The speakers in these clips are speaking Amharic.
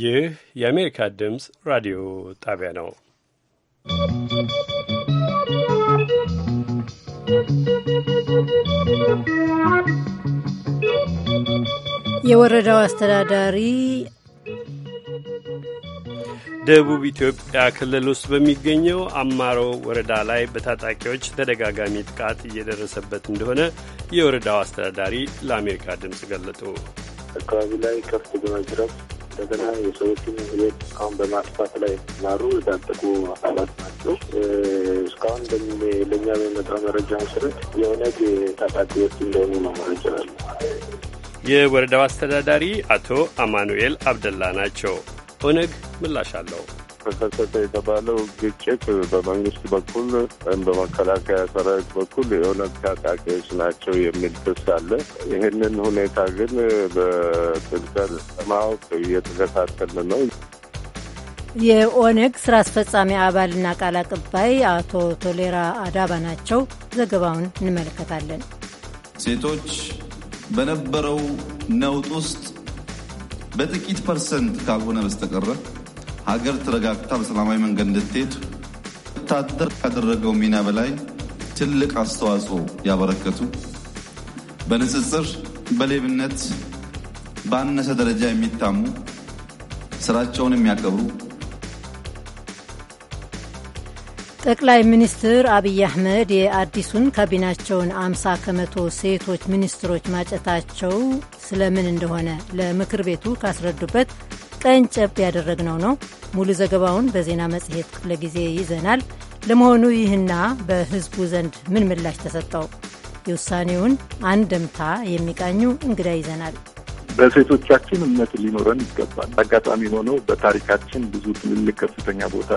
ይህ የአሜሪካ ድምፅ ራዲዮ ጣቢያ ነው። የወረዳው አስተዳዳሪ ደቡብ ኢትዮጵያ ክልል ውስጥ በሚገኘው አማሮ ወረዳ ላይ በታጣቂዎች ተደጋጋሚ ጥቃት እየደረሰበት እንደሆነ የወረዳው አስተዳዳሪ ለአሜሪካ ድምፅ ገለጡ። አካባቢ ላይ ከፍት በመዝረፍ እንደገና የሰዎችን ሕይወት እስካሁን በማጥፋት ላይ ላሉ የታጠቁ አካላት ናቸው። እስካሁን ለእኛ በሚመጣ መረጃ መሰረት የኦነግ ታጣቂዎች እንደሆኑ ነው መረጃ የወረዳው አስተዳዳሪ አቶ አማኑኤል አብደላ ናቸው። ኦነግ ምላሽ አለው። ተከሰተ የተባለው ግጭት በመንግስት በኩል ወይም በመከላከያ ሰራዊት በኩል የሆነ ታጣቂዎች ናቸው የሚል ክስ አለ። ይህንን ሁኔታ ግን በጥልቀት ለማወቅ እየተከታተልን ነው። የኦነግ ስራ አስፈጻሚ አባልና ቃል አቀባይ አቶ ቶሌራ አዳባ ናቸው። ዘገባውን እንመለከታለን። ሴቶች በነበረው ነውጥ ውስጥ በጥቂት ፐርሰንት ካልሆነ በስተቀረ ሀገር ተረጋግታ በሰላማዊ መንገድ እንድትሄድ ወታደር ካደረገው ሚና በላይ ትልቅ አስተዋጽኦ ያበረከቱ በንጽጽር በሌብነት ባነሰ ደረጃ የሚታሙ ስራቸውን የሚያከብሩ ጠቅላይ ሚኒስትር አብይ አህመድ የአዲሱን ካቢናቸውን አምሳ ከመቶ ሴቶች ሚኒስትሮች ማጨታቸው ስለምን እንደሆነ ለምክር ቤቱ ካስረዱበት ቀንጨብ ያደረግነው ነው። ሙሉ ዘገባውን በዜና መጽሔት ክፍለ ጊዜ ይዘናል። ለመሆኑ ይህና በህዝቡ ዘንድ ምን ምላሽ ተሰጠው? የውሳኔውን አንድምታ የሚቃኙ እንግዳ ይዘናል። በሴቶቻችን እምነት ሊኖረን ይገባል። አጋጣሚ ሆነው በታሪካችን ብዙ ትልልቅ ከፍተኛ ቦታ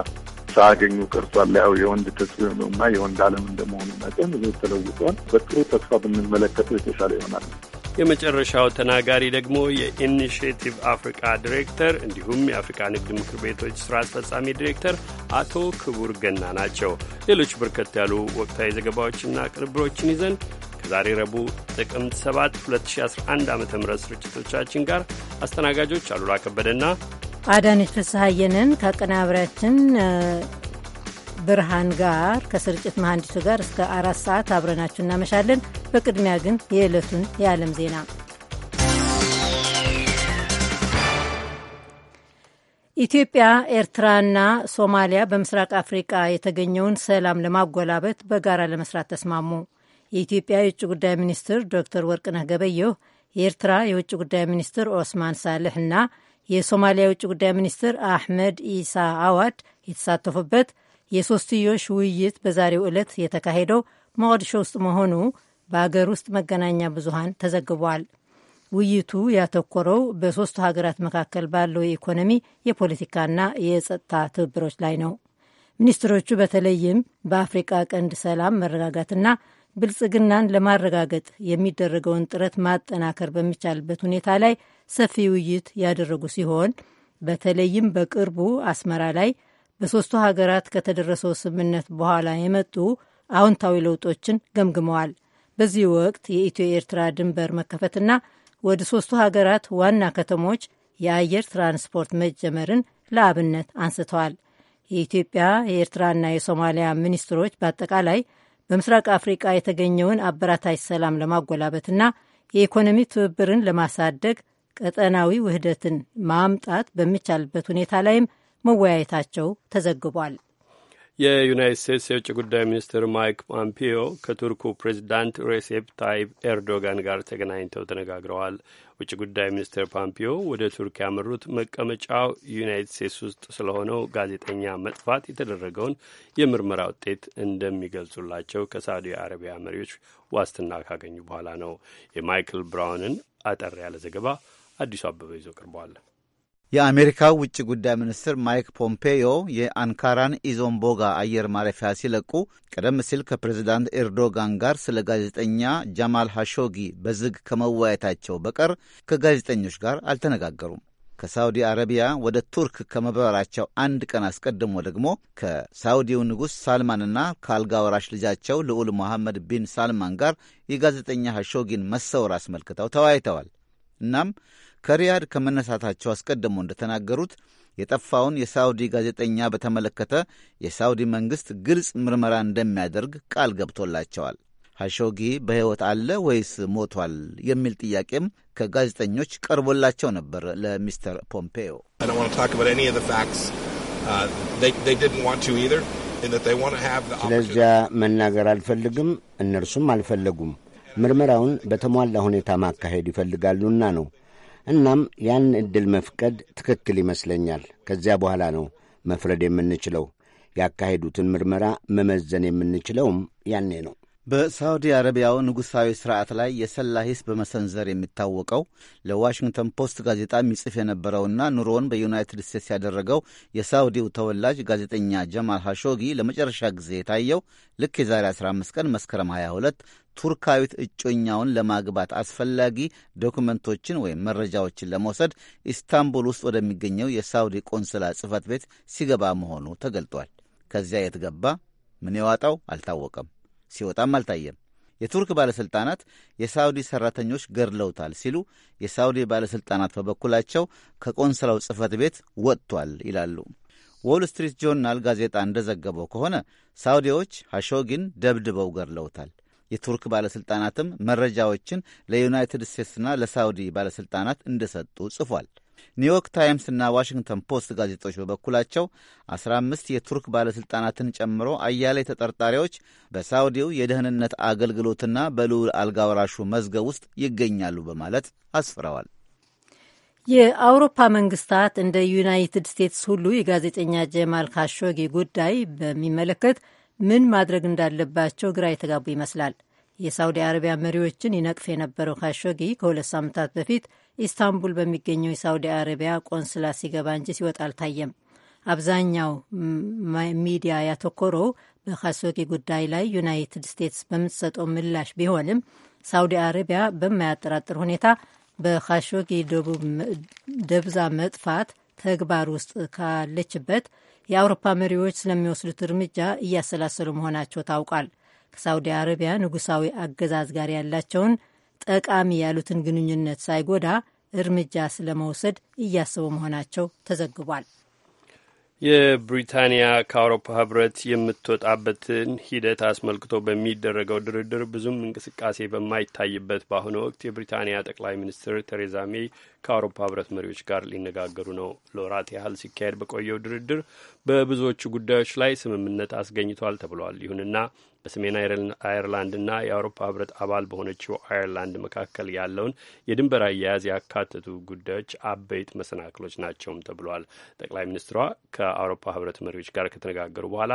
ሳያገኙ ቀርቷል። ያው የወንድ ተጽዕኖ እና የወንድ ዓለም እንደመሆኑ መጠን ተለውጧል። በጥሩ ተስፋ ብንመለከተው የተሻለ ይሆናል። የመጨረሻው ተናጋሪ ደግሞ የኢኒሽቲቭ አፍሪካ ዲሬክተር እንዲሁም የአፍሪካ ንግድ ምክር ቤቶች ስራ አስፈጻሚ ዲሬክተር አቶ ክቡር ገና ናቸው። ሌሎች በርከት ያሉ ወቅታዊ ዘገባዎችና ቅንብሮችን ይዘን ከዛሬ ረቡዕ ጥቅምት 7 2011 ዓ ም ስርጭቶቻችን ጋር አስተናጋጆች አሉላ ከበደና አዳነች ፍስሐየንን ከአቀናባሪያችን ብርሃን ጋር ከስርጭት መሐንዲሱ ጋር እስከ አራት ሰዓት አብረናችሁ እናመሻለን። በቅድሚያ ግን የዕለቱን የዓለም ዜና። ኢትዮጵያ፣ ኤርትራና ሶማሊያ በምስራቅ አፍሪቃ የተገኘውን ሰላም ለማጎላበት በጋራ ለመስራት ተስማሙ። የኢትዮጵያ የውጭ ጉዳይ ሚኒስትር ዶክተር ወርቅነህ ገበየሁ የኤርትራ የውጭ ጉዳይ ሚኒስትር ኦስማን ሳልሕ እና የሶማሊያ የውጭ ጉዳይ ሚኒስትር አሕመድ ኢሳ አዋድ የተሳተፉበት የሶስትዮሽ ውይይት በዛሬው ዕለት የተካሄደው ሞቃዲሾ ውስጥ መሆኑ በአገር ውስጥ መገናኛ ብዙሃን ተዘግቧል። ውይይቱ ያተኮረው በሶስቱ ሀገራት መካከል ባለው የኢኮኖሚ የፖለቲካና የጸጥታ ትብብሮች ላይ ነው። ሚኒስትሮቹ በተለይም በአፍሪቃ ቀንድ ሰላም መረጋጋትና ብልጽግናን ለማረጋገጥ የሚደረገውን ጥረት ማጠናከር በሚቻልበት ሁኔታ ላይ ሰፊ ውይይት ያደረጉ ሲሆን በተለይም በቅርቡ አስመራ ላይ በሦስቱ ሀገራት ከተደረሰው ስምምነት በኋላ የመጡ አዎንታዊ ለውጦችን ገምግመዋል። በዚህ ወቅት የኢትዮ ኤርትራ ድንበር መከፈትና ወደ ሦስቱ ሀገራት ዋና ከተሞች የአየር ትራንስፖርት መጀመርን ለአብነት አንስተዋል። የኢትዮጵያ የኤርትራና የሶማሊያ ሚኒስትሮች በአጠቃላይ በምስራቅ አፍሪቃ የተገኘውን አበራታች ሰላም ለማጎላበትና የኢኮኖሚ ትብብርን ለማሳደግ ቀጠናዊ ውህደትን ማምጣት በሚቻልበት ሁኔታ ላይም መወያየታቸው ተዘግቧል። የዩናይት ስቴትስ የውጭ ጉዳይ ሚኒስትር ማይክ ፖምፒዮ ከቱርኩ ፕሬዚዳንት ሬሴፕ ታይፕ ኤርዶጋን ጋር ተገናኝተው ተነጋግረዋል። ውጭ ጉዳይ ሚኒስትር ፖምፒዮ ወደ ቱርክ ያመሩት መቀመጫው ዩናይት ስቴትስ ውስጥ ስለሆነው ጋዜጠኛ መጥፋት የተደረገውን የምርመራ ውጤት እንደሚገልጹላቸው ከሳዑዲ አረቢያ መሪዎች ዋስትና ካገኙ በኋላ ነው። የማይክል ብራውንን አጠር ያለ ዘገባ አዲሱ አበበ ይዞ ቀርቧል። የአሜሪካው ውጭ ጉዳይ ሚኒስትር ማይክ ፖምፔዮ የአንካራን ኢዞምቦጋ አየር ማረፊያ ሲለቁ ቀደም ሲል ከፕሬዚዳንት ኤርዶጋን ጋር ስለ ጋዜጠኛ ጃማል ሐሾጊ በዝግ ከመወያየታቸው በቀር ከጋዜጠኞች ጋር አልተነጋገሩም። ከሳውዲ አረቢያ ወደ ቱርክ ከመብረራቸው አንድ ቀን አስቀድሞ ደግሞ ከሳውዲው ንጉሥ ሳልማንና ከአልጋ ወራሽ ልጃቸው ልዑል መሐመድ ቢን ሳልማን ጋር የጋዜጠኛ ሐሾጊን መሰወር አስመልክተው ተወያይተዋል። እናም ከሪያድ ከመነሳታቸው አስቀድሞ እንደተናገሩት የጠፋውን የሳውዲ ጋዜጠኛ በተመለከተ የሳውዲ መንግሥት ግልጽ ምርመራ እንደሚያደርግ ቃል ገብቶላቸዋል። ሐሾጊ በሕይወት አለ ወይስ ሞቷል የሚል ጥያቄም ከጋዜጠኞች ቀርቦላቸው ነበር ለሚስተር ፖምፔዮ። uh, ስለዚያ መናገር አልፈልግም፣ እነርሱም አልፈለጉም። ምርመራውን በተሟላ ሁኔታ ማካሄድ ይፈልጋሉና ነው እናም ያን ዕድል መፍቀድ ትክክል ይመስለኛል። ከዚያ በኋላ ነው መፍረድ የምንችለው። ያካሄዱትን ምርመራ መመዘን የምንችለውም ያኔ ነው። በሳዑዲ አረቢያው ንጉሣዊ ስርዓት ላይ የሰላ ሂስ በመሰንዘር የሚታወቀው ለዋሽንግተን ፖስት ጋዜጣ የሚጽፍ የነበረውና ኑሮውን በዩናይትድ ስቴትስ ያደረገው የሳውዲው ተወላጅ ጋዜጠኛ ጀማል ሐሾጊ ለመጨረሻ ጊዜ የታየው ልክ የዛሬ 15 ቀን መስከረም 22 ቱርካዊት እጮኛውን ለማግባት አስፈላጊ ዶክመንቶችን ወይም መረጃዎችን ለመውሰድ ኢስታንቡል ውስጥ ወደሚገኘው የሳውዲ ቆንስላ ጽፈት ቤት ሲገባ መሆኑ ተገልጧል። ከዚያ የት ገባ? ምን የዋጣው አልታወቀም። ሲወጣም አልታየም። የቱርክ ባለሥልጣናት የሳውዲ ሠራተኞች ገድለውታል ሲሉ፣ የሳውዲ ባለሥልጣናት በበኩላቸው ከቆንስላው ጽህፈት ቤት ወጥቷል ይላሉ። ዎል ስትሪት ጆርናል ጋዜጣ እንደዘገበው ከሆነ ሳውዲዎች ሐሾጊን ደብድበው ገድለውታል። የቱርክ ባለሥልጣናትም መረጃዎችን ለዩናይትድ ስቴትስና ለሳውዲ ባለሥልጣናት እንደሰጡ ጽፏል። ኒውዮርክ ታይምስና ዋሽንግተን ፖስት ጋዜጦች በበኩላቸው 15 የቱርክ ባለሥልጣናትን ጨምሮ አያሌ ተጠርጣሪዎች በሳውዲው የደህንነት አገልግሎትና በልዑል አልጋወራሹ መዝገብ ውስጥ ይገኛሉ በማለት አስፍረዋል። የአውሮፓ መንግስታት እንደ ዩናይትድ ስቴትስ ሁሉ የጋዜጠኛ ጀማል ካሾጊ ጉዳይ በሚመለከት ምን ማድረግ እንዳለባቸው ግራ የተጋቡ ይመስላል። የሳውዲ አረቢያ መሪዎችን ይነቅፍ የነበረው ካሾጊ ከሁለት ሳምንታት በፊት ኢስታንቡል በሚገኘው የሳውዲ አረቢያ ቆንስላ ሲገባ እንጂ ሲወጣ አልታየም። አብዛኛው ሚዲያ ያተኮረው በካሶጊ ጉዳይ ላይ ዩናይትድ ስቴትስ በምትሰጠው ምላሽ ቢሆንም ሳውዲ አረቢያ በማያጠራጥር ሁኔታ በካሾጊ ደብዛ መጥፋት ተግባር ውስጥ ካለችበት የአውሮፓ መሪዎች ስለሚወስዱት እርምጃ እያሰላሰሉ መሆናቸው ታውቋል። ከሳውዲ አረቢያ ንጉሳዊ አገዛዝ ጋር ያላቸውን ጠቃሚ ያሉትን ግንኙነት ሳይጎዳ እርምጃ ስለመውሰድ እያሰቡ መሆናቸው ተዘግቧል። የብሪታንያ ከአውሮፓ ህብረት የምትወጣበትን ሂደት አስመልክቶ በሚደረገው ድርድር ብዙም እንቅስቃሴ በማይታይበት በአሁኑ ወቅት የብሪታንያ ጠቅላይ ሚኒስትር ቴሬዛ ሜይ ከአውሮፓ ህብረት መሪዎች ጋር ሊነጋገሩ ነው። ለወራት ያህል ሲካሄድ በቆየው ድርድር በብዙዎቹ ጉዳዮች ላይ ስምምነት አስገኝቷል ተብሏል። ይሁንና በሰሜን ና የአውሮፓ ህብረት አባል በሆነችው አይርላንድ መካከል ያለውን የድንበር አያያዝ ያካተቱ ጉዳዮች አበይት መሰናክሎች ናቸውም ተብሏል። ጠቅላይ ሚኒስትሯ ከአውሮፓ ህብረት መሪዎች ጋር ከተነጋገሩ በኋላ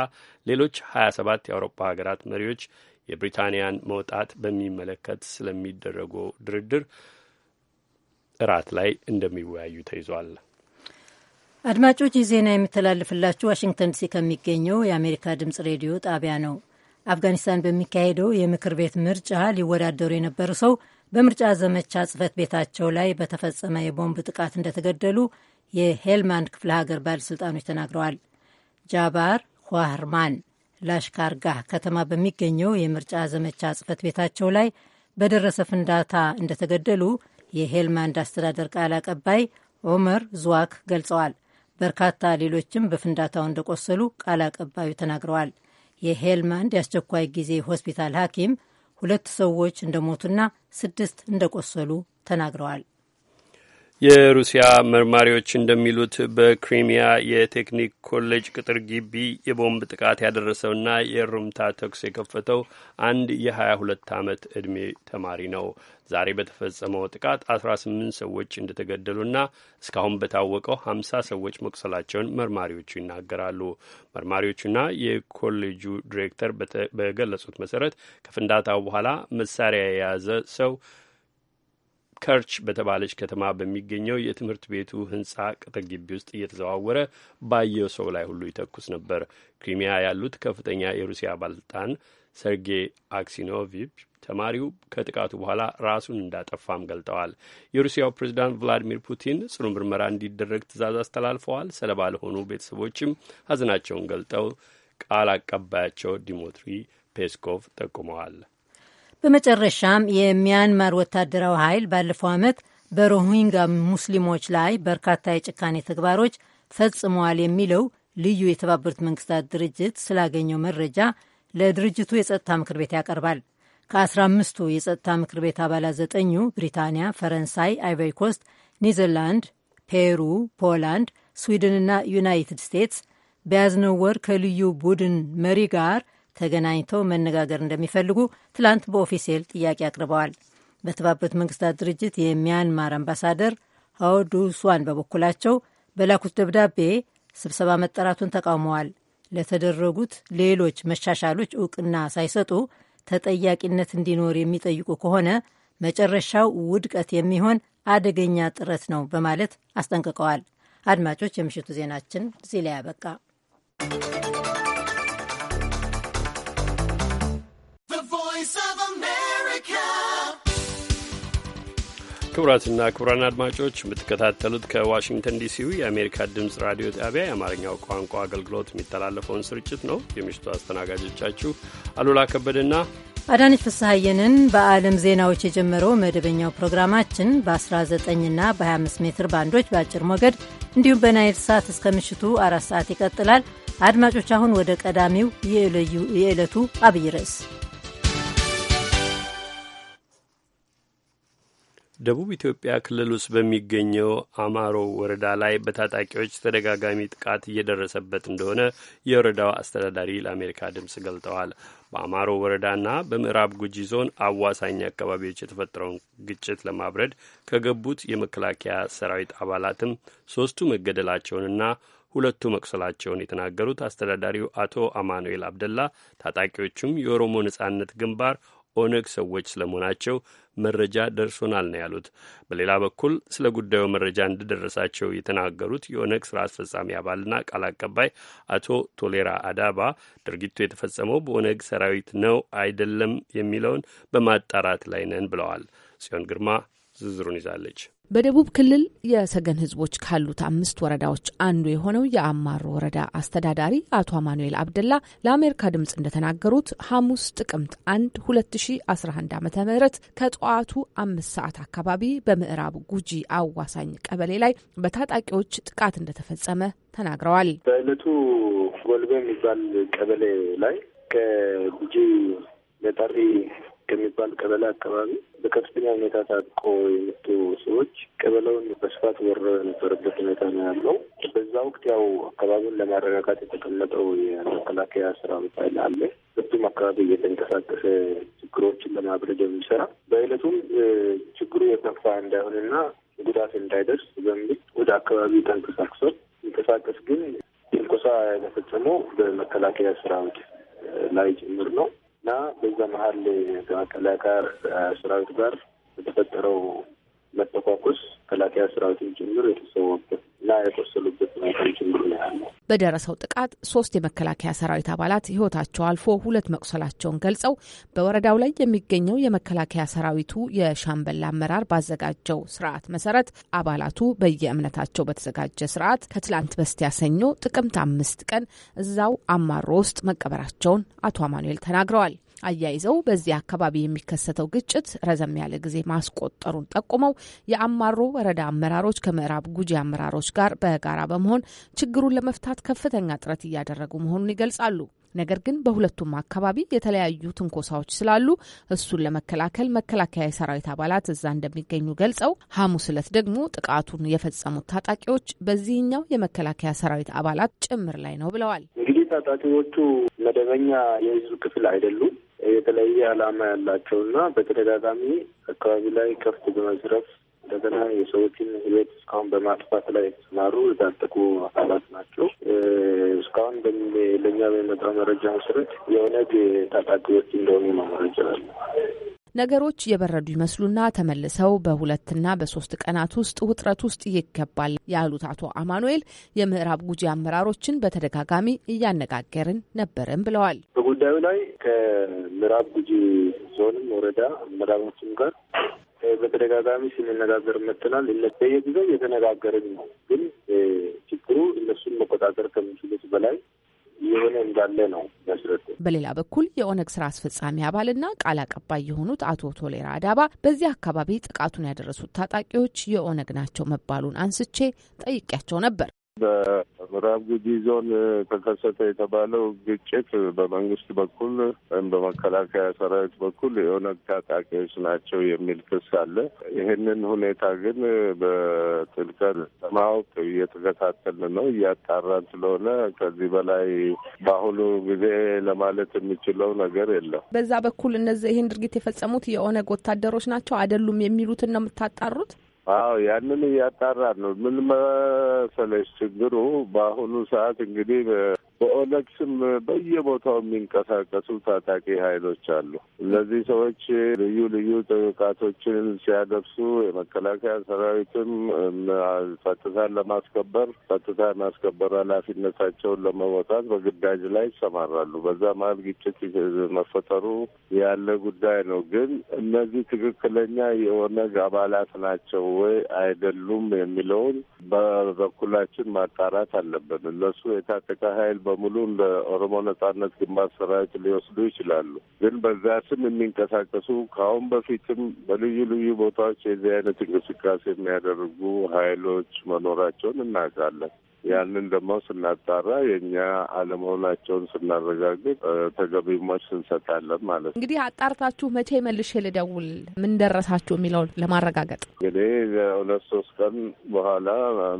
ሌሎች ሰባት የአውሮፓ ሀገራት መሪዎች የብሪታንያን መውጣት በሚመለከት ስለሚደረገው ድርድር እራት ላይ እንደሚወያዩ ተይዟል። አድማጮች ይህ ዜና የሚተላለፍላችሁ ዋሽንግተን ዲሲ ከሚገኘው የአሜሪካ ድምጽ ሬዲዮ ጣቢያ ነው። አፍጋኒስታን በሚካሄደው የምክር ቤት ምርጫ ሊወዳደሩ የነበሩ ሰው በምርጫ ዘመቻ ጽህፈት ቤታቸው ላይ በተፈጸመ የቦምብ ጥቃት እንደተገደሉ የሄልማንድ ክፍለ ሀገር ባለሥልጣኖች ተናግረዋል። ጃባር ኳህርማን ላሽካርጋህ ከተማ በሚገኘው የምርጫ ዘመቻ ጽህፈት ቤታቸው ላይ በደረሰ ፍንዳታ እንደተገደሉ የሄልማንድ አስተዳደር ቃል አቀባይ ኦመር ዙዋክ ገልጸዋል። በርካታ ሌሎችም በፍንዳታው እንደቆሰሉ ቃል አቀባዩ ተናግረዋል። የሄልማንድ የአስቸኳይ ጊዜ ሆስፒታል ሐኪም ሁለት ሰዎች እንደሞቱና ስድስት እንደቆሰሉ ተናግረዋል። የሩሲያ መርማሪዎች እንደሚሉት በክሪሚያ የቴክኒክ ኮሌጅ ቅጥር ግቢ የቦምብ ጥቃት ያደረሰውና የሩምታ ተኩስ የከፈተው አንድ የ22 ዓመት ዕድሜ ተማሪ ነው። ዛሬ በተፈጸመው ጥቃት 18 ሰዎች እንደተገደሉና እስካሁን በታወቀው 50 ሰዎች መቁሰላቸውን መርማሪዎቹ ይናገራሉ። መርማሪዎቹና የኮሌጁ ዲሬክተር በገለጹት መሰረት ከፍንዳታው በኋላ መሳሪያ የያዘ ሰው ከርች በተባለች ከተማ በሚገኘው የትምህርት ቤቱ ህንጻ ቅጥር ግቢ ውስጥ እየተዘዋወረ ባየው ሰው ላይ ሁሉ ይተኩስ ነበር። ክሪሚያ ያሉት ከፍተኛ የሩሲያ ባለስልጣን ሰርጌይ አክሲኖቪች ተማሪው ከጥቃቱ በኋላ ራሱን እንዳጠፋም ገልጠዋል። የሩሲያው ፕሬዚዳንት ቭላዲሚር ፑቲን ጽኑ ምርመራ እንዲደረግ ትዕዛዝ አስተላልፈዋል። ሰለባ ለሆኑ ቤተሰቦችም ሀዘናቸውን ገልጠው ቃል አቀባያቸው ዲሞትሪ ፔስኮቭ ጠቁመዋል። በመጨረሻም የሚያንማር ወታደራዊ ኃይል ባለፈው ዓመት በሮሂንጋ ሙስሊሞች ላይ በርካታ የጭካኔ ተግባሮች ፈጽመዋል የሚለው ልዩ የተባበሩት መንግስታት ድርጅት ስላገኘው መረጃ ለድርጅቱ የጸጥታ ምክር ቤት ያቀርባል። ከአስራ አምስቱ የጸጥታ ምክር ቤት አባላት ዘጠኙ ብሪታንያ፣ ፈረንሳይ፣ አይቨሪኮስት፣ ኒዘርላንድ፣ ፔሩ፣ ፖላንድ፣ ስዊድንና ዩናይትድ ስቴትስ በያዝነው ወር ከልዩ ቡድን መሪ ጋር ተገናኝተው መነጋገር እንደሚፈልጉ ትላንት በኦፊሴል ጥያቄ አቅርበዋል። በተባበሩት መንግስታት ድርጅት የሚያንማር አምባሳደር ሀወዱ ሷን በበኩላቸው በላኩት ደብዳቤ ስብሰባ መጠራቱን ተቃውመዋል። ለተደረጉት ሌሎች መሻሻሎች እውቅና ሳይሰጡ ተጠያቂነት እንዲኖር የሚጠይቁ ከሆነ መጨረሻው ውድቀት የሚሆን አደገኛ ጥረት ነው በማለት አስጠንቅቀዋል። አድማጮች፣ የምሽቱ ዜናችን እዚህ ላይ you. ክቡራትና ክቡራን አድማጮች የምትከታተሉት ከዋሽንግተን ዲሲው የአሜሪካ ድምፅ ራዲዮ ጣቢያ የአማርኛው ቋንቋ አገልግሎት የሚተላለፈውን ስርጭት ነው። የምሽቱ አስተናጋጆቻችሁ አሉላ ከበደና አዳነች ፍስሐየንን በዓለም ዜናዎች የጀመረው መደበኛው ፕሮግራማችን በ19ና በ25 ሜትር ባንዶች በአጭር ሞገድ እንዲሁም በናይል ሰዓት እስከ ምሽቱ አራት ሰዓት ይቀጥላል። አድማጮች አሁን ወደ ቀዳሚው የዕለቱ አብይ ርዕስ ደቡብ ኢትዮጵያ ክልል ውስጥ በሚገኘው አማሮ ወረዳ ላይ በታጣቂዎች ተደጋጋሚ ጥቃት እየደረሰበት እንደሆነ የወረዳው አስተዳዳሪ ለአሜሪካ ድምፅ ገልጠዋል። በአማሮ ወረዳና በምዕራብ ጉጂ ዞን አዋሳኝ አካባቢዎች የተፈጠረውን ግጭት ለማብረድ ከገቡት የመከላከያ ሰራዊት አባላትም ሶስቱ መገደላቸውንና ሁለቱ መቁሰላቸውን የተናገሩት አስተዳዳሪው አቶ አማኑኤል አብደላ ታጣቂዎቹም የኦሮሞ ነጻነት ግንባር ኦነግ ሰዎች ስለመሆናቸው መረጃ ደርሶናል ነው ያሉት። በሌላ በኩል ስለ ጉዳዩ መረጃ እንደደረሳቸው የተናገሩት የኦነግ ስራ አስፈጻሚ አባልና ቃል አቀባይ አቶ ቶሌራ አዳባ ድርጊቱ የተፈጸመው በኦነግ ሰራዊት ነው አይደለም የሚለውን በማጣራት ላይ ነን ብለዋል። ጽዮን ግርማ ዝርዝሩን ይዛለች። በደቡብ ክልል የሰገን ህዝቦች ካሉት አምስት ወረዳዎች አንዱ የሆነው የአማሮ ወረዳ አስተዳዳሪ አቶ አማኑኤል አብደላ ለአሜሪካ ድምጽ እንደተናገሩት ሐሙስ ጥቅምት 1 2011 ዓ ም ከጠዋቱ አምስት ሰዓት አካባቢ በምዕራብ ጉጂ አዋሳኝ ቀበሌ ላይ በታጣቂዎች ጥቃት እንደተፈጸመ ተናግረዋል። በእለቱ ጎልበ የሚባል ቀበሌ ላይ ከጉጂ ለጠሪ ከሚባል ቀበሌ አካባቢ በከፍተኛ ሁኔታ ታጥቆ የመጡ ሰዎች ቀበሌውን በስፋት ወረው የነበረበት ሁኔታ ነው ያለው። በዛ ወቅት ያው አካባቢውን ለማረጋጋት የተቀመጠው የመከላከያ ሰራዊት ኃይል አለ። እሱም አካባቢ እየተንቀሳቀሰ ችግሮችን ለማብረድ የሚሰራ በዕለቱም ችግሩ የከፋ እንዳይሆንና ጉዳት እንዳይደርስ በሚል ወደ አካባቢ ተንቀሳቅሰው ሲንቀሳቀስ ግን ትንኮሳ የተፈጸመው በመከላከያ ሰራዊት ላይ ጭምር ነው። እና በዛ መሀል ከመከላከያ ሰራዊት ጋር የተፈጠረው መተኳኩስ መከላከያ ሰራዊትን ጭምር የተሰዉበት እና የቆሰሉበት በደረሰው ጥቃት ሶስት የመከላከያ ሰራዊት አባላት ህይወታቸው አልፎ ሁለት መቁሰላቸውን ገልጸው በወረዳው ላይ የሚገኘው የመከላከያ ሰራዊቱ የሻምበላ አመራር ባዘጋጀው ስርዓት መሰረት አባላቱ በየእምነታቸው በተዘጋጀ ስርዓት ከትላንት በስቲያ ሰኞ ጥቅምት አምስት ቀን እዛው አማሮ ውስጥ መቀበራቸውን አቶ አማኑኤል ተናግረዋል። አያይዘው በዚህ አካባቢ የሚከሰተው ግጭት ረዘም ያለ ጊዜ ማስቆጠሩን ጠቁመው የአማሮ ወረዳ አመራሮች ከምዕራብ ጉጂ አመራሮች ጋር በጋራ በመሆን ችግሩን ለመፍታት ከፍተኛ ጥረት እያደረጉ መሆኑን ይገልጻሉ። ነገር ግን በሁለቱም አካባቢ የተለያዩ ትንኮሳዎች ስላሉ እሱን ለመከላከል መከላከያ የሰራዊት አባላት እዛ እንደሚገኙ ገልጸው ሐሙስ ዕለት ደግሞ ጥቃቱን የፈጸሙት ታጣቂዎች በዚህኛው የመከላከያ ሰራዊት አባላት ጭምር ላይ ነው ብለዋል። እንግዲህ ታጣቂዎቹ መደበኛ የህዝብ ክፍል አይደሉም። የተለያየ ዓላማ ያላቸው እና በተደጋጋሚ አካባቢ ላይ ከፍት በመዝረፍ እንደገና የሰዎችን ሕይወት እስካሁን በማጥፋት ላይ የተሰማሩ የታጠቁ አካላት ናቸው። እስካሁን ለእኛ በሚመጣው መረጃ መሰረት የኦነግ ታጣቂዎች እንደሆኑ ነው መረጃ ያለ ነገሮች የበረዱ ይመስሉና ተመልሰው በሁለትና በሶስት ቀናት ውስጥ ውጥረት ውስጥ ይገባል ያሉት አቶ አማኑኤል የምዕራብ ጉጂ አመራሮችን በተደጋጋሚ እያነጋገርን ነበርን ብለዋል። በጉዳዩ ላይ ከምዕራብ ጉጂ ዞንም ወረዳ አመራሮችም ጋር በተደጋጋሚ ስንነጋገር መጥተናል። በየጊዜው እየተነጋገርን ነው። ግን ችግሩ እነሱን መቆጣጠር ከሚችሉት በላይ የሆነ እንዳለ ነው መስረቱ። በሌላ በኩል የኦነግ ስራ አስፈጻሚ አባልና ቃል አቀባይ የሆኑት አቶ ቶሌራ አዳባ በዚህ አካባቢ ጥቃቱን ያደረሱት ታጣቂዎች የኦነግ ናቸው መባሉን አንስቼ ጠይቄያቸው ነበር። በምዕራብ ጉጂ ዞን ተከሰተ የተባለው ግጭት በመንግስት በኩል ወይም በመከላከያ ሰራዊት በኩል የኦነግ ታጣቂዎች ናቸው የሚል ክስ አለ። ይህንን ሁኔታ ግን በጥልቀት ለማወቅ እየተከታተልን ነው፣ እያጣራን ስለሆነ ከዚህ በላይ በአሁኑ ጊዜ ለማለት የሚችለው ነገር የለም። በዛ በኩል እነዚህ ይህን ድርጊት የፈጸሙት የኦነግ ወታደሮች ናቸው አይደሉም የሚሉትን ነው የምታጣሩት? አዎ ያንን እያጣራ ነው። ምን መሰለሽ ችግሩ በአሁኑ ሰዓት እንግዲህ በኦነግ ስም በየቦታው የሚንቀሳቀሱ ታጣቂ ኃይሎች አሉ። እነዚህ ሰዎች ልዩ ልዩ ጥቃቶችን ሲያደርሱ የመከላከያ ሰራዊትም ጸጥታን ለማስከበር ጸጥታ የማስከበር ኃላፊነታቸውን ለመወጣት በግዳጅ ላይ ይሰማራሉ። በዛ መሀል ግጭት መፈጠሩ ያለ ጉዳይ ነው። ግን እነዚህ ትክክለኛ የኦነግ አባላት ናቸው ወይ አይደሉም የሚለውን በበኩላችን ማጣራት አለብን። እነሱ የታጠቀ ኃይል በሙሉ ለኦሮሞ ነጻነት ግንባር ሰራዊት ሊወስዱ ይችላሉ። ግን በዛ ስም የሚንቀሳቀሱ ከአሁን በፊትም በልዩ ልዩ ቦታዎች የዚህ አይነት እንቅስቃሴ የሚያደርጉ ኃይሎች መኖራቸውን እናውቃለን። ያንን ደግሞ ስናጣራ የእኛ አለመሆናቸውን ስናረጋግጥ ተገቢ ስንሰጣለን እንሰጣለን ማለት ነው። እንግዲህ አጣርታችሁ መቼ መልሼ ልደውል ምን ደረሳችሁ የሚለውን ለማረጋገጥ እንግዲህ ሁለት ሶስት ቀን በኋላ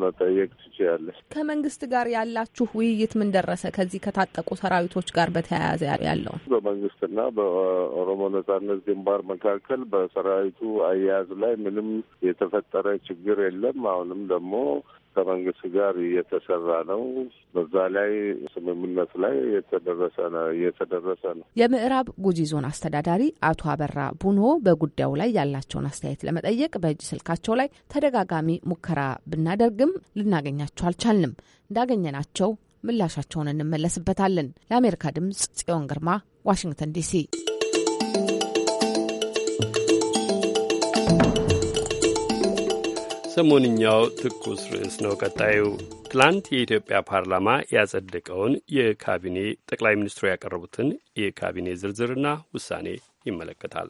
መጠየቅ ትችያለሽ። ከመንግስት ጋር ያላችሁ ውይይት ምን ደረሰ? ከዚህ ከታጠቁ ሰራዊቶች ጋር በተያያዘ ያለው በመንግስትና በኦሮሞ ነጻነት ግንባር መካከል በሰራዊቱ አያያዝ ላይ ምንም የተፈጠረ ችግር የለም። አሁንም ደግሞ ከመንግስት ጋር እየተሰራ ነው። በዛ ላይ ስምምነት ላይ የተደረሰ እየተደረሰ ነው። የምዕራብ ጉጂ ዞን አስተዳዳሪ አቶ አበራ ቡኖ በጉዳዩ ላይ ያላቸውን አስተያየት ለመጠየቅ በእጅ ስልካቸው ላይ ተደጋጋሚ ሙከራ ብናደርግም ልናገኛቸው አልቻልንም። እንዳገኘናቸው ምላሻቸውን እንመለስበታለን። ለአሜሪካ ድምጽ ጽዮን ግርማ ዋሽንግተን ዲሲ ሰሞንኛው ትኩስ ርዕስ ነው ቀጣዩ። ትላንት የኢትዮጵያ ፓርላማ ያጸደቀውን የካቢኔ ጠቅላይ ሚኒስትሩ ያቀረቡትን የካቢኔ ዝርዝርና ውሳኔ ይመለከታል።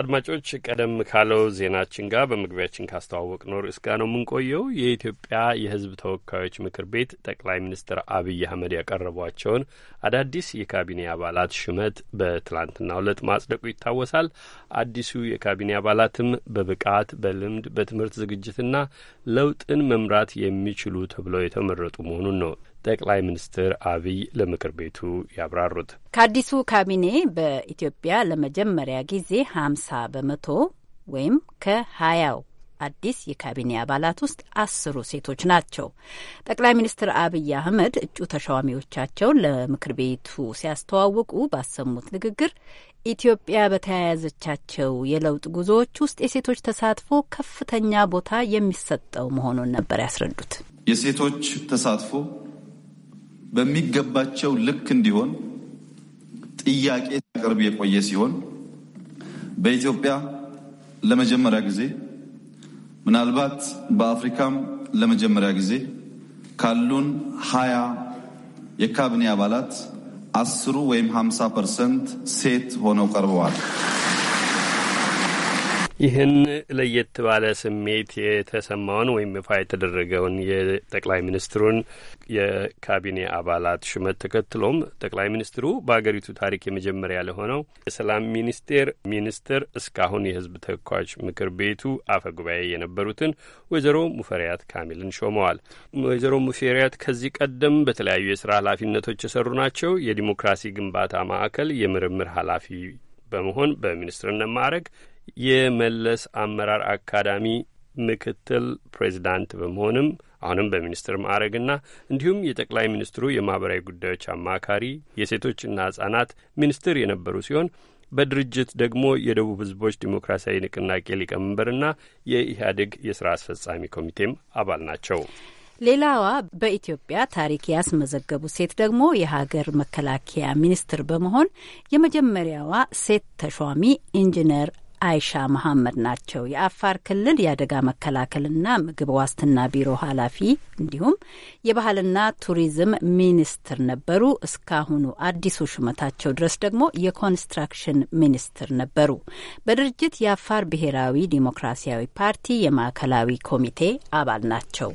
አድማጮች ቀደም ካለው ዜናችን ጋር በመግቢያችን ካስተዋወቅ ነው ርዕስ ጋር ነው የምንቆየው። የኢትዮጵያ የሕዝብ ተወካዮች ምክር ቤት ጠቅላይ ሚኒስትር አብይ አህመድ ያቀረቧቸውን አዳዲስ የካቢኔ አባላት ሹመት በትላንትናው ዕለት ማጽደቁ ይታወሳል። አዲሱ የካቢኔ አባላትም በብቃት በልምድ በትምህርት ዝግጅትና ለውጥን መምራት የሚችሉ ተብለው የተመረጡ መሆኑን ነው ጠቅላይ ሚኒስትር አብይ ለምክር ቤቱ ያብራሩት። ከአዲሱ ካቢኔ በኢትዮጵያ ለመጀመሪያ ጊዜ ሀምሳ በመቶ ወይም ከሀያው አዲስ የካቢኔ አባላት ውስጥ አስሩ ሴቶች ናቸው። ጠቅላይ ሚኒስትር አብይ አህመድ እጩ ተሿሚዎቻቸውን ለምክር ቤቱ ሲያስተዋውቁ ባሰሙት ንግግር ኢትዮጵያ በተያያዘቻቸው የለውጥ ጉዞዎች ውስጥ የሴቶች ተሳትፎ ከፍተኛ ቦታ የሚሰጠው መሆኑን ነበር ያስረዱት። የሴቶች ተሳትፎ በሚገባቸው ልክ እንዲሆን ጥያቄ ሲያቀርብ የቆየ ሲሆን በኢትዮጵያ ለመጀመሪያ ጊዜ ምናልባት በአፍሪካም ለመጀመሪያ ጊዜ ካሉን ሀያ የካቢኔ አባላት አስሩ ወይም ሀምሳ ፐርሰንት ሴት ሆነው ቀርበዋል። ይህን ለየት ባለ ስሜት የተሰማውን ወይም ይፋ የተደረገውን የጠቅላይ ሚኒስትሩን የካቢኔ አባላት ሹመት ተከትሎም ጠቅላይ ሚኒስትሩ በአገሪቱ ታሪክ የመጀመሪያ ለሆነው የሰላም ሚኒስቴር ሚኒስትር እስካሁን የሕዝብ ተወካዮች ምክር ቤቱ አፈ ጉባኤ የነበሩትን ወይዘሮ ሙፈሪያት ካሚልን ሾመዋል። ወይዘሮ ሙፈሪያት ከዚህ ቀደም በተለያዩ የስራ ኃላፊነቶች የሰሩ ናቸው። የዲሞክራሲ ግንባታ ማዕከል የምርምር ኃላፊ በመሆን በሚኒስትርነት ማዕረግ የመለስ አመራር አካዳሚ ምክትል ፕሬዚዳንት በመሆንም አሁንም በሚኒስትር ማዕረግና እንዲሁም የጠቅላይ ሚኒስትሩ የማህበራዊ ጉዳዮች አማካሪ የሴቶችና ህጻናት ሚኒስትር የነበሩ ሲሆን በድርጅት ደግሞ የደቡብ ህዝቦች ዲሞክራሲያዊ ንቅናቄ ሊቀመንበርና የኢህአዴግ የስራ አስፈጻሚ ኮሚቴም አባል ናቸው። ሌላዋ በኢትዮጵያ ታሪክ ያስመዘገቡ ሴት ደግሞ የሀገር መከላከያ ሚኒስትር በመሆን የመጀመሪያዋ ሴት ተሿሚ ኢንጂነር አይሻ መሐመድ ናቸው። የአፋር ክልል የአደጋ መከላከልና ምግብ ዋስትና ቢሮ ኃላፊ እንዲሁም የባህልና ቱሪዝም ሚኒስትር ነበሩ። እስካሁኑ አዲሱ ሹመታቸው ድረስ ደግሞ የኮንስትራክሽን ሚኒስትር ነበሩ። በድርጅት የአፋር ብሔራዊ ዲሞክራሲያዊ ፓርቲ የማዕከላዊ ኮሚቴ አባል ናቸው።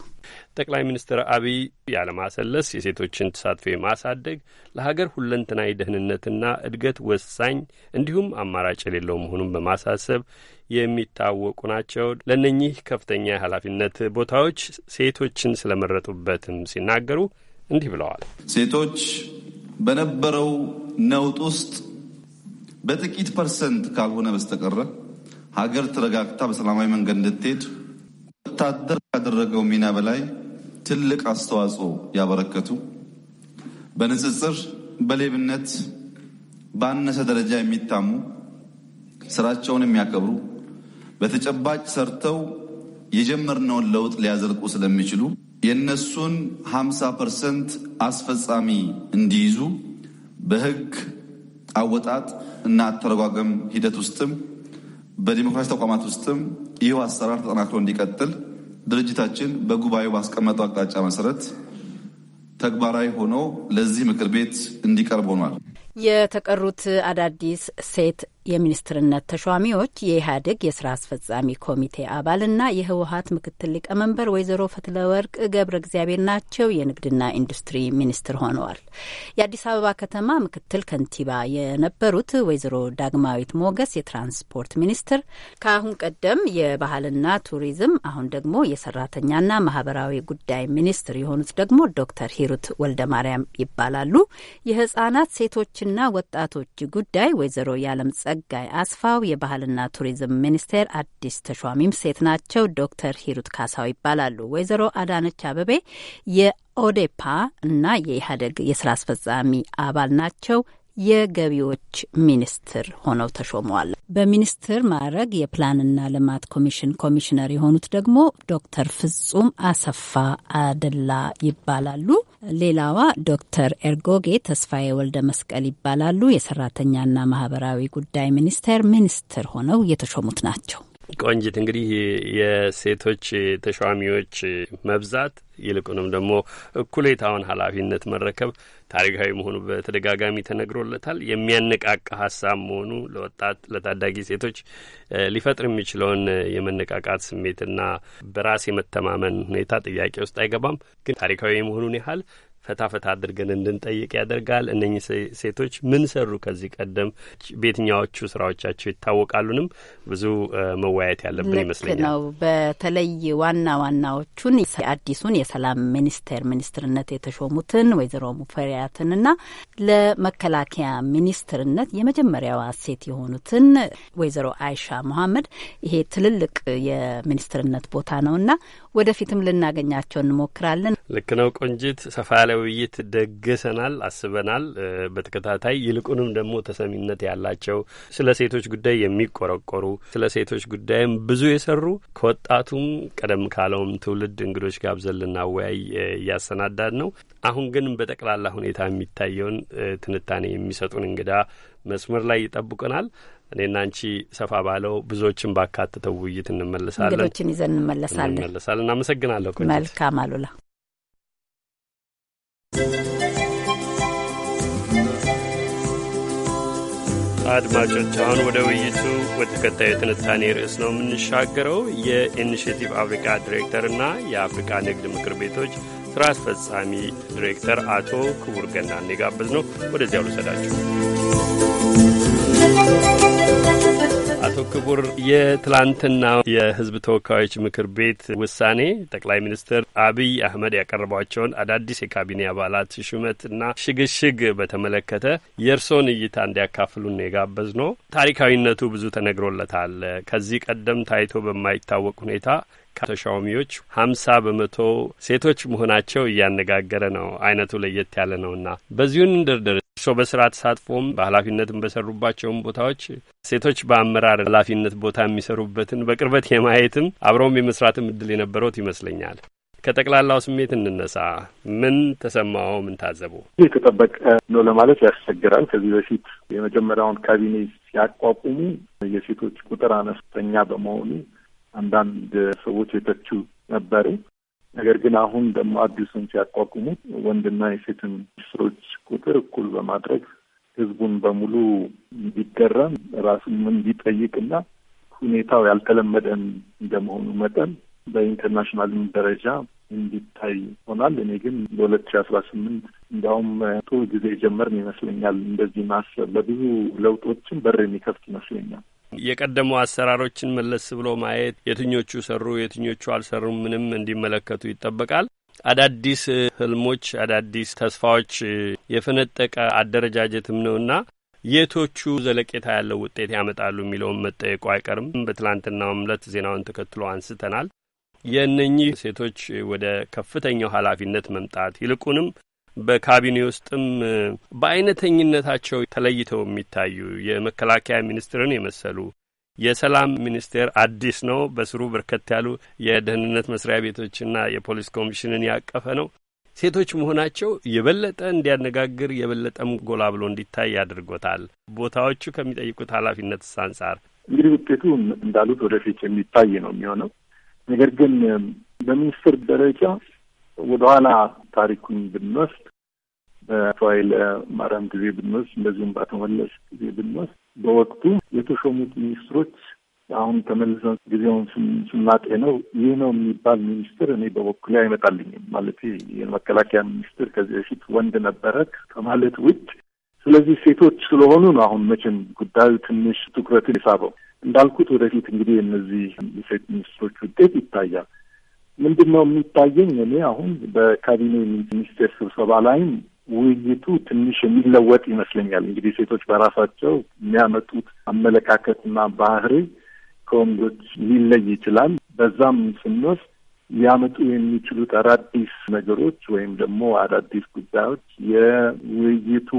ጠቅላይ ሚኒስትር አብይ ያለማሰለስ የሴቶችን ተሳትፎ ማሳደግ ለሀገር ሁለንተናዊ ደህንነትና እድገት ወሳኝ እንዲሁም አማራጭ የሌለው መሆኑን በማሳሰብ የሚታወቁ ናቸው። ለእነኚህ ከፍተኛ የኃላፊነት ቦታዎች ሴቶችን ስለመረጡበትም ሲናገሩ እንዲህ ብለዋል። ሴቶች በነበረው ነውጥ ውስጥ በጥቂት ፐርሰንት ካልሆነ በስተቀረ ሀገር ተረጋግታ በሰላማዊ መንገድ እንድትሄድ ወታደር ካደረገው ሚና በላይ ትልቅ አስተዋጽኦ ያበረከቱ በንጽጽር በሌብነት ባነሰ ደረጃ የሚታሙ ስራቸውን የሚያከብሩ በተጨባጭ ሰርተው የጀመርነውን ለውጥ ሊያዘልቁ ስለሚችሉ የእነሱን 50 ፐርሰንት አስፈጻሚ እንዲይዙ በህግ አወጣጥ እና አተረጓገም ሂደት ውስጥም በዲሞክራሲ ተቋማት ውስጥም ይህው አሰራር ተጠናክሮ እንዲቀጥል ድርጅታችን በጉባኤው ባስቀመጠው አቅጣጫ መሰረት ተግባራዊ ሆኖ ለዚህ ምክር ቤት እንዲቀርብ ሆኗል። የተቀሩት አዳዲስ ሴት የሚኒስትርነት ተሿሚዎች የኢህአዴግ የስራ አስፈጻሚ ኮሚቴ አባልና የህወሀት ምክትል ሊቀመንበር ወይዘሮ ፈትለወርቅ ገብረ እግዚአብሔር ናቸው። የንግድና ኢንዱስትሪ ሚኒስትር ሆነዋል። የአዲስ አበባ ከተማ ምክትል ከንቲባ የነበሩት ወይዘሮ ዳግማዊት ሞገስ የትራንስፖርት ሚኒስትር፣ ከአሁን ቀደም የባህልና ቱሪዝም፣ አሁን ደግሞ የሰራተኛና ማህበራዊ ጉዳይ ሚኒስትር የሆኑት ደግሞ ዶክተር ሂሩት ወልደ ማርያም ይባላሉ። የህጻናት ሴቶች ሴቶችና ወጣቶች ጉዳይ ወይዘሮ የዓለም ጸጋይ አስፋው የባህልና ቱሪዝም ሚኒስቴር አዲስ ተሿሚም ሴት ናቸው። ዶክተር ሂሩት ካሳው ይባላሉ። ወይዘሮ አዳነች አበቤ የኦዴፓ እና የኢህአዴግ የስራ አስፈጻሚ አባል ናቸው። የገቢዎች ሚኒስትር ሆነው ተሾመዋል። በሚኒስትር ማዕረግ የፕላንና ልማት ኮሚሽን ኮሚሽነር የሆኑት ደግሞ ዶክተር ፍጹም አሰፋ አደላ ይባላሉ። ሌላዋ ዶክተር ኤርጎጌ ተስፋዬ ወልደ መስቀል ይባላሉ። የሰራተኛና ማህበራዊ ጉዳይ ሚኒስቴር ሚኒስትር ሆነው የተሾሙት ናቸው። ቆንጅት እንግዲህ የሴቶች ተሿሚዎች መብዛት ይልቁንም ደግሞ እኩሌታውን ኃላፊነት መረከብ ታሪካዊ መሆኑ በተደጋጋሚ ተነግሮለታል። የሚያነቃቃ ሀሳብ መሆኑ ለወጣት ለታዳጊ ሴቶች ሊፈጥር የሚችለውን የመነቃቃት ስሜትና በራስ የመተማመን ሁኔታ ጥያቄ ውስጥ አይገባም። ግን ታሪካዊ መሆኑን ያህል ፈታ ፈታ አድርገን እንድንጠይቅ ያደርጋል። እነኚህ ሴቶች ምን ሰሩ ከዚህ ቀደም በየትኛዎቹ ስራዎቻቸው ይታወቃሉንም ብዙ መወያየት ያለብን ይመስለኛል። ነው። በተለይ ዋና ዋናዎቹን አዲሱን የሰላም ሚኒስቴር ሚኒስትርነት የተሾሙትን ወይዘሮ ሙፈሪያትንና ለመከላከያ ሚኒስትርነት የመጀመሪያዋ ሴት የሆኑትን ወይዘሮ አይሻ መሐመድ ይሄ ትልልቅ የሚኒስትርነት ቦታ ነውና ወደፊትም ልናገኛቸው እንሞክራለን። ልክ ነው ቆንጂት፣ ሰፋ ያለ ውይይት ደግሰናል፣ አስበናል። በተከታታይ ይልቁንም ደግሞ ተሰሚነት ያላቸው ስለ ሴቶች ጉዳይ የሚቆረቆሩ ስለ ሴቶች ጉዳይም ብዙ የሰሩ ከወጣቱም ቀደም ካለውም ትውልድ እንግዶች ጋብዘን ልናወያይ እያሰናዳን ነው። አሁን ግን በጠቅላላ ሁኔታ የሚታየውን ትንታኔ የሚሰጡን እንግዳ መስመር ላይ ይጠብቀናል። እኔና አንቺ ሰፋ ባለው ብዙዎችን ባካተተው ውይይት እንመለሳለን። እንግዶችን ይዘን እንመለሳለን እንመለሳለን። አመሰግናለሁ። መልካም አሉላ። አድማጮች አሁን ወደ ውይይቱ ወደ ተከታዩ ትንታኔ ርዕስ ነው የምንሻገረው። የኢኒሽቲቭ አፍሪካ ዲሬክተር እና የአፍሪካ ንግድ ምክር ቤቶች ስራ አስፈጻሚ ዲሬክተር አቶ ክቡር ገናን የጋበዝ ነው። ወደዚያው ልውሰዳችሁ። አቶ ክቡር የትላንትና የህዝብ ተወካዮች ምክር ቤት ውሳኔ ጠቅላይ ሚኒስትር አብይ አህመድ ያቀረቧቸውን አዳዲስ የካቢኔ አባላት ሹመትና ሽግሽግ በተመለከተ የእርስዎን እይታ እንዲያካፍሉን የጋበዝ ነው። ታሪካዊነቱ ብዙ ተነግሮለታል። ከዚህ ቀደም ታይቶ በማይታወቅ ሁኔታ ከተሿሚዎች ሀምሳ በመቶ ሴቶች መሆናቸው እያነጋገረ ነው። አይነቱ ለየት ያለ ነውና በዚሁን ድርድር እርስዎ በስራ ተሳትፎም በኃላፊነትም በሰሩባቸውም ቦታዎች ሴቶች በአመራር ኃላፊነት ቦታ የሚሰሩበትን በቅርበት የማየትም አብረውም የመስራትም እድል የነበረውት ይመስለኛል። ከጠቅላላው ስሜት እንነሳ። ምን ተሰማው? ምን ታዘቡ? የተጠበቀ ነው ለማለት ያስቸግራል። ከዚህ በፊት የመጀመሪያውን ካቢኔ ሲያቋቁሙ የሴቶች ቁጥር አነስተኛ በመሆኑ አንዳንድ ሰዎች የተቹ ነበሩ። ነገር ግን አሁን ደግሞ አዲሱን ሲያቋቁሙት ወንድና የሴትን ሚኒስትሮች ቁጥር እኩል በማድረግ ህዝቡን በሙሉ እንዲገረም ራሱም እንዲጠይቅና ሁኔታው ያልተለመደን እንደመሆኑ መጠን በኢንተርናሽናልም ደረጃ እንዲታይ ሆናል። እኔ ግን በሁለት ሺ አስራ ስምንት እንዲያውም ጥሩ ጊዜ ጀመርን ይመስለኛል። እንደዚህ ማሰብ ለብዙ ለውጦችም በር የሚከፍት ይመስለኛል። የቀደሙ አሰራሮችን መለስ ብሎ ማየት የትኞቹ ሰሩ፣ የትኞቹ አልሰሩ ምንም እንዲመለከቱ ይጠበቃል። አዳዲስ ህልሞች፣ አዳዲስ ተስፋዎች የፈነጠቀ አደረጃጀትም ነውና የቶቹ ዘለቄታ ያለው ውጤት ያመጣሉ የሚለውን መጠየቁ አይቀርም። በትላንትናው እምለት ዜናውን ተከትሎ አንስተናል። የእነኚህ ሴቶች ወደ ከፍተኛው ኃላፊነት መምጣት ይልቁንም በካቢኔ ውስጥም በአይነተኝነታቸው ተለይተው የሚታዩ የመከላከያ ሚኒስትርን የመሰሉ የሰላም ሚኒስቴር አዲስ ነው። በስሩ በርከት ያሉ የደህንነት መስሪያ ቤቶችና የፖሊስ ኮሚሽንን ያቀፈ ነው። ሴቶች መሆናቸው የበለጠ እንዲያነጋግር የበለጠም ጎላ ብሎ እንዲታይ ያድርጎታል። ቦታዎቹ ከሚጠይቁት ኃላፊነት አንጻር እንግዲህ ውጤቱ እንዳሉት ወደፊት የሚታይ ነው የሚሆነው። ነገር ግን በሚኒስትር ደረጃ ወደኋላ ታሪኩን ብንወስድ በአቶ ኃይለ ማርያም ጊዜ ብንወስድ፣ እንደዚሁም በአቶ መለስ ጊዜ ብንወስድ በወቅቱ የተሾሙት ሚኒስትሮች አሁን ተመልሰን ጊዜውን ነው ይህ ነው የሚባል ሚኒስትር እኔ በበኩሌ አይመጣልኝም። ማለት የመከላከያ ሚኒስትር ከዚህ በፊት ወንድ ነበረ ከማለት ውጭ ስለዚህ ሴቶች ስለሆኑ ነው። አሁን መቼም ጉዳዩ ትንሽ ትኩረትን የሳበው እንዳልኩት፣ ወደፊት እንግዲህ እነዚህ ሴት ሚኒስትሮች ውጤት ይታያል። ምንድን ነው የሚታየኝ እኔ አሁን በካቢኔ ሚኒስቴር ስብሰባ ላይም ውይይቱ ትንሽ የሚለወጥ ይመስለኛል። እንግዲህ ሴቶች በራሳቸው የሚያመጡት አመለካከትና ባህሪ ከወንዶች ሊለይ ይችላል። በዛም ስንወስድ ሊያመጡ የሚችሉት አዳዲስ ነገሮች ወይም ደግሞ አዳዲስ ጉዳዮች የውይይቱ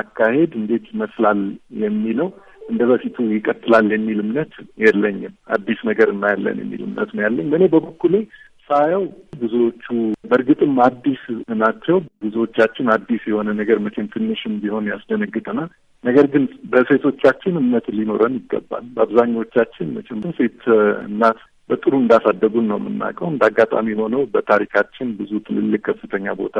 አካሄድ እንዴት ይመስላል የሚለው እንደ በፊቱ ይቀጥላል የሚል እምነት የለኝም። አዲስ ነገር እናያለን የሚል እምነት ነው ያለኝ። በእኔ በበኩሌ ሳየው ብዙዎቹ በእርግጥም አዲስ ናቸው። ብዙዎቻችን አዲስ የሆነ ነገር መቼም ትንሽም ቢሆን ያስደነግጠናል። ነገር ግን በሴቶቻችን እምነት ሊኖረን ይገባል። በአብዛኞቻችን መቼም ሴት እናት በጥሩ እንዳሳደጉን ነው የምናውቀው። እንደ አጋጣሚ ሆነው በታሪካችን ብዙ ትልልቅ ከፍተኛ ቦታ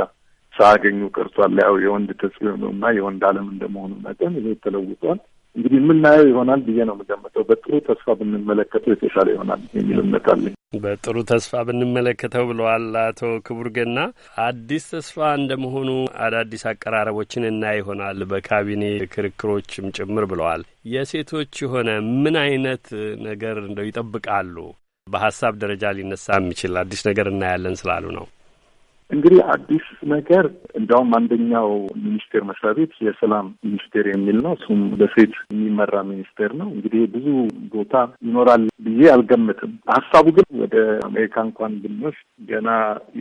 ሳያገኙ ቀርቷል። ያው የወንድ ተጽዕኖ እና የወንድ ዓለም እንደመሆኑ መጠን ይሄ ተለውጧል። እንግዲህ የምናየው ይሆናል ብዬ ነው የምገምተው። በጥሩ ተስፋ ብንመለከተው የተሻለ ይሆናል የሚል እምነት አለኝ። በጥሩ ተስፋ ብንመለከተው ብለዋል አቶ ክቡር ገና። አዲስ ተስፋ እንደመሆኑ አዳዲስ አቀራረቦችን እና ይሆናል በካቢኔ ክርክሮችም ጭምር ብለዋል። የሴቶች የሆነ ምን አይነት ነገር እንደው ይጠብቃሉ? በሀሳብ ደረጃ ሊነሳ የሚችል አዲስ ነገር እናያለን ስላሉ ነው እንግዲህ አዲስ ነገር እንዲያውም አንደኛው ሚኒስቴር መስሪያ ቤት የሰላም ሚኒስቴር የሚል ነው። እሱም በሴት የሚመራ ሚኒስቴር ነው። እንግዲህ ብዙ ቦታ ይኖራል ብዬ አልገምትም። ሀሳቡ ግን ወደ አሜሪካ እንኳን ብንወስድ ገና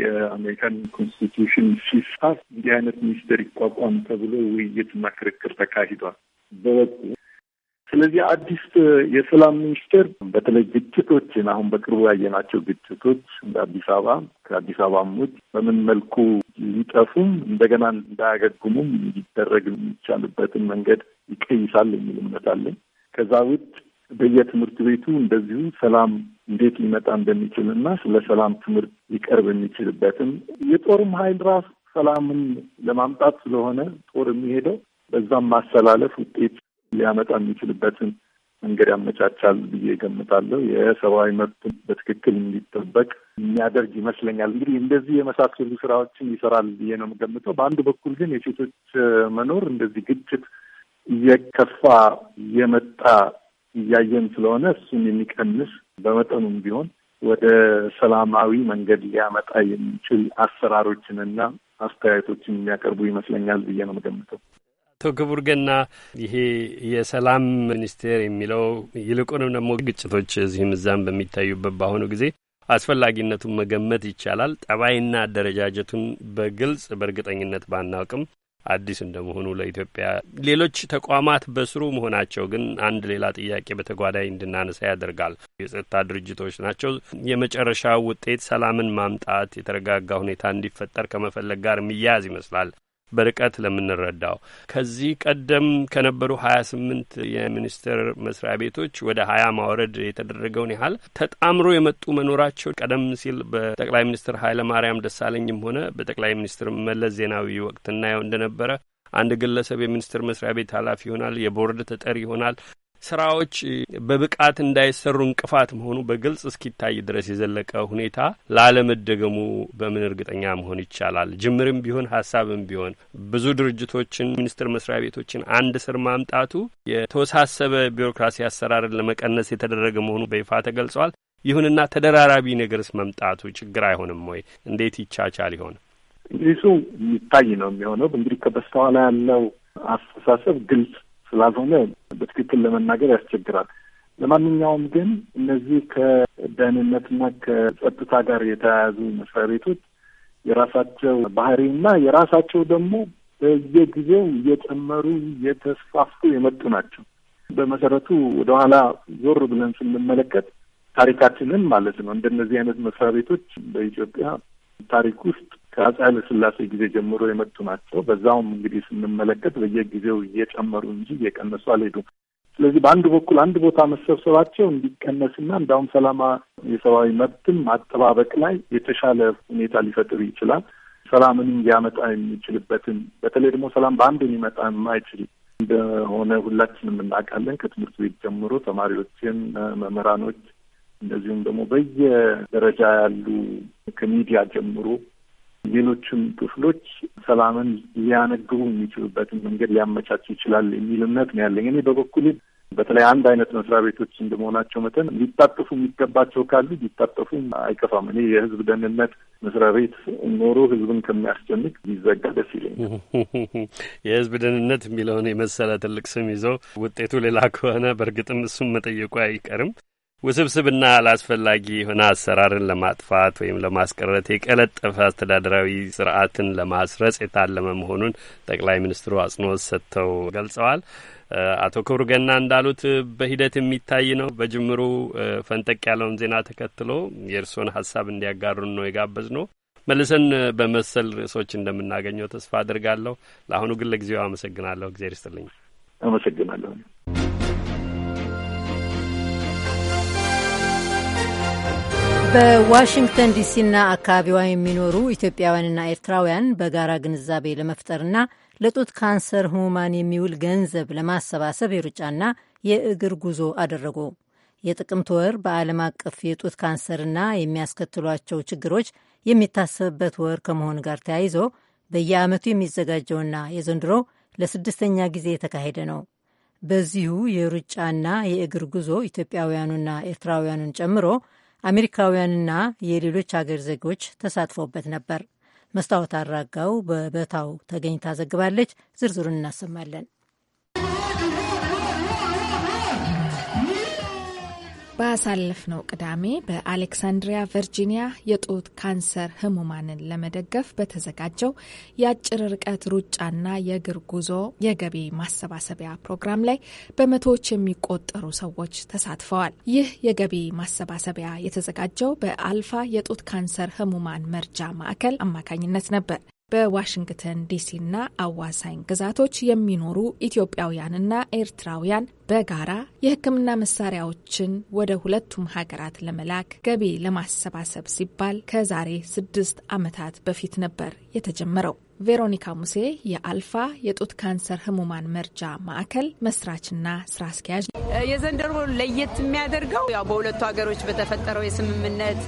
የአሜሪካን ኮንስቲትዩሽን ሲጻፍ እንዲህ አይነት ሚኒስቴር ይቋቋም ተብሎ ውይይትና ክርክር ተካሂዷል። በበኩ ስለዚህ አዲስ የሰላም ሚኒስቴር በተለይ ግጭቶችን አሁን በቅርቡ ያየናቸው ግጭቶች እንደ አዲስ አበባ ከአዲስ አበባም ውጭ በምን መልኩ ሊጠፉም እንደገና እንዳያገግሙም ሊደረግ የሚቻልበትን መንገድ ይቀይሳል የሚል እምነት አለኝ። ከዛ ውጭ በየትምህርት ቤቱ እንደዚሁ ሰላም እንዴት ሊመጣ እንደሚችል እና ስለ ሰላም ትምህርት ሊቀርብ የሚችልበትም የጦርም ኃይል ራሱ ሰላምን ለማምጣት ስለሆነ ጦር የሚሄደው በዛም ማሰላለፍ ውጤት ሊያመጣ የሚችልበትን መንገድ ያመቻቻል ብዬ ገምታለሁ። የሰብአዊ መብት በትክክል እንዲጠበቅ የሚያደርግ ይመስለኛል። እንግዲህ እንደዚህ የመሳሰሉ ስራዎችን ይሰራል ብዬ ነው የምገምተው። በአንድ በኩል ግን የሴቶች መኖር እንደዚህ ግጭት እየከፋ እየመጣ እያየን ስለሆነ እሱን የሚቀንስ በመጠኑም ቢሆን ወደ ሰላማዊ መንገድ ሊያመጣ የሚችል አሰራሮችንና አስተያየቶችን የሚያቀርቡ ይመስለኛል ብዬ ነው የምገምተው። አቶ ክቡር ገና ይሄ የሰላም ሚኒስቴር የሚለው ይልቁንም ደግሞ ግጭቶች እዚህም እዛም በሚታዩበት በአሁኑ ጊዜ አስፈላጊነቱን መገመት ይቻላል። ጠባይና አደረጃጀቱን በግልጽ በእርግጠኝነት ባናውቅም አዲስ እንደመሆኑ ለኢትዮጵያ ሌሎች ተቋማት በስሩ መሆናቸው ግን አንድ ሌላ ጥያቄ በተጓዳኝ እንድናነሳ ያደርጋል። የጸጥታ ድርጅቶች ናቸው። የመጨረሻ ውጤት ሰላምን ማምጣት የተረጋጋ ሁኔታ እንዲፈጠር ከመፈለግ ጋር የሚያያዝ ይመስላል። በርቀት ለምንረዳው ከዚህ ቀደም ከነበሩ ሀያ ስምንት የሚኒስቴር መስሪያ ቤቶች ወደ ሀያ ማውረድ የተደረገውን ያህል ተጣምሮ የመጡ መኖራቸው ቀደም ሲል በጠቅላይ ሚኒስትር ኃይለ ማርያም ደሳለኝም ሆነ በጠቅላይ ሚኒስትር መለስ ዜናዊ ወቅት እናየው እንደነበረ አንድ ግለሰብ የሚኒስትር መስሪያ ቤት ኃላፊ ይሆናል፣ የቦርድ ተጠሪ ይሆናል፣ ስራዎች በብቃት እንዳይሰሩ እንቅፋት መሆኑ በግልጽ እስኪታይ ድረስ የዘለቀ ሁኔታ ላለመደገሙ በምን እርግጠኛ መሆን ይቻላል? ጅምርም ቢሆን ሀሳብም ቢሆን ብዙ ድርጅቶችን፣ ሚኒስቴር መስሪያ ቤቶችን አንድ ስር ማምጣቱ የተወሳሰበ ቢሮክራሲ አሰራርን ለመቀነስ የተደረገ መሆኑ በይፋ ተገልጿል። ይሁንና ተደራራቢ ነገርስ መምጣቱ ችግር አይሆንም ወይ? እንዴት ይቻቻል ይሆን? እንግዲህ እሱ የሚታይ ነው የሚሆነው። እንግዲህ ከበስተኋላ ያለው አስተሳሰብ ግልጽ ስላልሆነ በትክክል ለመናገር ያስቸግራል። ለማንኛውም ግን እነዚህ ከደህንነትና ከጸጥታ ጋር የተያያዙ መስሪያ ቤቶች የራሳቸው ባህሪና የራሳቸው ደግሞ በየጊዜው እየጨመሩ እየተስፋፉ የመጡ ናቸው። በመሰረቱ ወደኋላ ዞር ብለን ስንመለከት ታሪካችንን ማለት ነው እንደነዚህ አይነት መስሪያ ቤቶች በኢትዮጵያ ታሪክ ውስጥ ከአፄ ኃይለ ሥላሴ ጊዜ ጀምሮ የመጡ ናቸው። በዛውም እንግዲህ ስንመለከት በየጊዜው እየጨመሩ እንጂ እየቀነሱ አልሄዱም። ስለዚህ በአንድ በኩል አንድ ቦታ መሰብሰባቸው እንዲቀነስና እንዳሁም ሰላማ የሰብአዊ መብትም ማጠባበቅ ላይ የተሻለ ሁኔታ ሊፈጥር ይችላል። ሰላምን እንዲያመጣ የሚችልበትን በተለይ ደግሞ ሰላም በአንድ ሊመጣ የማይችል እንደሆነ ሁላችንም እናውቃለን። ከትምህርት ቤት ጀምሮ ተማሪዎችን፣ መምህራኖች እንደዚሁም ደግሞ በየደረጃ ያሉ ከሚዲያ ጀምሮ ሌሎችም ክፍሎች ሰላምን ሊያነግቡ የሚችሉበትን መንገድ ሊያመቻቹ ይችላል የሚል እምነት ነው ያለኝ። እኔ በበኩሌ በተለይ አንድ አይነት መስሪያ ቤቶች እንደመሆናቸው መጠን ሊጣጠፉ የሚገባቸው ካሉ ሊጣጠፉ አይከፋም። እኔ የህዝብ ደህንነት መስሪያ ቤት ኖሮ ህዝብን ከሚያስጨንቅ ሊዘጋ ደስ ይለኛል። የህዝብ ደህንነት የሚለውን የመሰለ ትልቅ ስም ይዘው ውጤቱ ሌላ ከሆነ በእርግጥም እሱም መጠየቁ አይቀርም። ውስብስብና አላስፈላጊ የሆነ አሰራርን ለማጥፋት ወይም ለማስቀረት የቀለጠፈ አስተዳደራዊ ስርዓትን ለማስረጽ የታለመ መሆኑን ጠቅላይ ሚኒስትሩ አጽንኦት ሰጥተው ገልጸዋል። አቶ ክብሩ ገና እንዳሉት በሂደት የሚታይ ነው። በጅምሩ ፈንጠቅ ያለውን ዜና ተከትሎ የእርስዎን ሀሳብ እንዲያጋሩን ነው የጋበዝ ነው። መልሰን በመሰል ርዕሶች እንደምናገኘው ተስፋ አድርጋለሁ። ለአሁኑ ግን ለጊዜው አመሰግናለሁ። እግዜር ይስጥልኝ። አመሰግናለሁ። በዋሽንግተን ዲሲና አካባቢዋ የሚኖሩ ኢትዮጵያውያንና ኤርትራውያን በጋራ ግንዛቤ ለመፍጠርና ለጡት ካንሰር ህሙማን የሚውል ገንዘብ ለማሰባሰብ የሩጫና የእግር ጉዞ አደረጉ። የጥቅምት ወር በዓለም አቀፍ የጡት ካንሰርና የሚያስከትሏቸው ችግሮች የሚታሰብበት ወር ከመሆኑ ጋር ተያይዞ በየዓመቱ የሚዘጋጀውና የዘንድሮ ለስድስተኛ ጊዜ የተካሄደ ነው። በዚሁ የሩጫና የእግር ጉዞ ኢትዮጵያውያኑና ኤርትራውያኑን ጨምሮ አሜሪካውያንና የሌሎች አገር ዜጎች ተሳትፎበት ነበር። መስታወት አራጋው በበታው ተገኝታ ዘግባለች። ዝርዝሩን እናሰማለን። ባሳለፍነው ቅዳሜ በአሌክሳንድሪያ ቨርጂኒያ የጡት ካንሰር ህሙማንን ለመደገፍ በተዘጋጀው የአጭር ርቀት ሩጫና የእግር ጉዞ የገቢ ማሰባሰቢያ ፕሮግራም ላይ በመቶዎች የሚቆጠሩ ሰዎች ተሳትፈዋል። ይህ የገቢ ማሰባሰቢያ የተዘጋጀው በአልፋ የጡት ካንሰር ህሙማን መርጃ ማዕከል አማካኝነት ነበር። በዋሽንግተን ዲሲና አዋሳኝ ግዛቶች የሚኖሩ ኢትዮጵያውያንና ኤርትራውያን በጋራ የሕክምና መሳሪያዎችን ወደ ሁለቱም ሀገራት ለመላክ ገቢ ለማሰባሰብ ሲባል ከዛሬ ስድስት ዓመታት በፊት ነበር የተጀመረው። ቬሮኒካ ሙሴ የአልፋ የጡት ካንሰር ህሙማን መርጃ ማዕከል መስራችና ስራ አስኪያጅ። የዘንድሮ ለየት የሚያደርገው ያው በሁለቱ ሀገሮች በተፈጠረው የስምምነት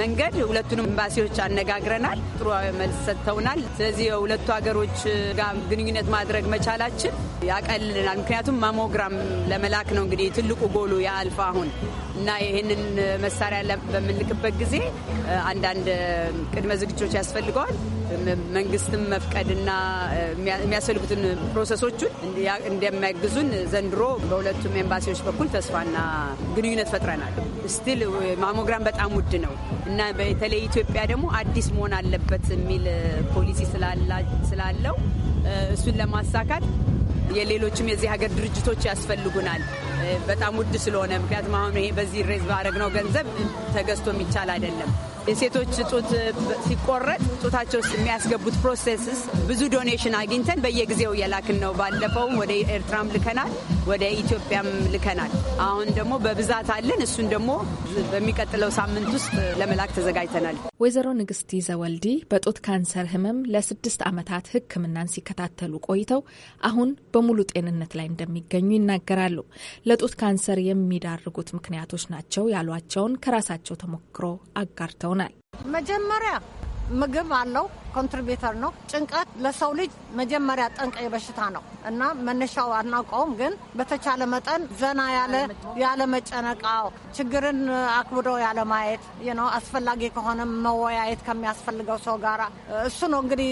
መንገድ ሁለቱንም ኤምባሲዎች አነጋግረናል። ጥሩ መልስ ሰጥተውናል። ስለዚህ የሁለቱ ሀገሮች ጋር ግንኙነት ማድረግ መቻላችን ያቀልልናል። ምክንያቱም ማሞግራም ለመላክ ነው እንግዲህ ትልቁ ጎሉ የአልፋ አሁን እና ይህንን መሳሪያ በምንልክበት ጊዜ አንዳንድ ቅድመ ዝግጅቶች ያስፈልገዋል። መንግስትም መፍቀድና የሚያስፈልጉትን ፕሮሰሶቹን እንደሚያግዙን ዘንድሮ በሁለቱም ኤምባሲዎች በኩል ተስፋና ግንኙነት ፈጥረናል። ስቲል ማሞግራም በጣም ውድ ነው እና በተለይ ኢትዮጵያ ደግሞ አዲስ መሆን አለበት የሚል ፖሊሲ ስላለው እሱን ለማሳካት የሌሎችም የዚህ ሀገር ድርጅቶች ያስፈልጉናል። በጣም ውድ ስለሆነ ምክንያቱም አሁን ይሄ በዚህ ሬዝ ባረግነው ገንዘብ ተገዝቶ የሚቻል አይደለም። የሴቶች ጡት ሲቆረጥ ጡታቸው ውስጥ የሚያስገቡት ፕሮሴስስ ብዙ ዶኔሽን አግኝተን በየጊዜው የላክን ነው። ባለፈውም ወደ ኤርትራም ልከናል፣ ወደ ኢትዮጵያም ልከናል። አሁን ደግሞ በብዛት አለን። እሱን ደግሞ በሚቀጥለው ሳምንት ውስጥ ለመላክ ተዘጋጅተናል። ወይዘሮ ንግስቲ ዘወልዲ በጡት ካንሰር ህመም ለስድስት ዓመታት ሕክምናን ሲከታተሉ ቆይተው አሁን በሙሉ ጤንነት ላይ እንደሚገኙ ይናገራሉ። ለጡት ካንሰር የሚዳርጉት ምክንያቶች ናቸው ያሏቸውን ከራሳቸው ተሞክሮ አጋርተው አጫውተውናል። መጀመሪያ ምግብ አለው ኮንትሪቢተር ነው። ጭንቀት ለሰው ልጅ መጀመሪያ ጠንቀ በሽታ ነው እና መነሻው አናውቀውም። ግን በተቻለ መጠን ዘና ያለ ያለ መጨነቃ ችግርን አክብዶ ያለ ማየት ነው። አስፈላጊ ከሆነ መወያየት ከሚያስፈልገው ሰው ጋር እሱ ነው እንግዲህ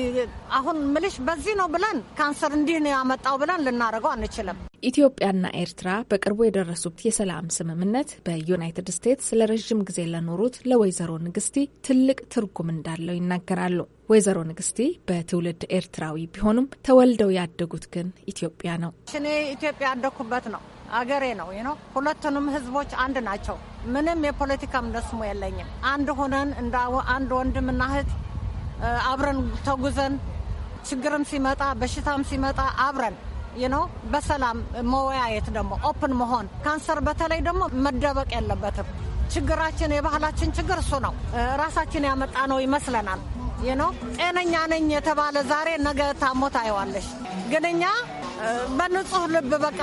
አሁን ምልሽ በዚህ ነው ብለን ካንሰር እንዲህ ነው ያመጣው ብለን ልናደርገው አንችልም። ኢትዮጵያና ኤርትራ በቅርቡ የደረሱት የሰላም ስምምነት በዩናይትድ ስቴትስ ለረዥም ጊዜ ለኖሩት ለወይዘሮ ንግስቲ ትልቅ ትርጉም እንዳለው ይናገራሉ። ወይዘሮ ንግስቴ በትውልድ ኤርትራዊ ቢሆኑም ተወልደው ያደጉት ግን ኢትዮጵያ ነው። እኔ ኢትዮጵያ ያደኩበት ነው አገሬ ነው ነው። ሁለቱንም ህዝቦች አንድ ናቸው። ምንም የፖለቲካም ደስሞ የለኝም። አንድ ሆነን እንደ አንድ ወንድምና እህት አብረን ተጉዘን ችግርም ሲመጣ በሽታም ሲመጣ አብረን ነው በሰላም መወያየት ደግሞ ኦፕን መሆን ካንሰር በተለይ ደግሞ መደበቅ የለበትም። ችግራችን የባህላችን ችግር እሱ ነው። ራሳችን ያመጣ ነው ይመስለናል። ነው ጤነኛ ነኝ የተባለ ዛሬ ነገ ታሞ ታየዋለሽ። ግን እኛ በንጹህ ልብ በቃ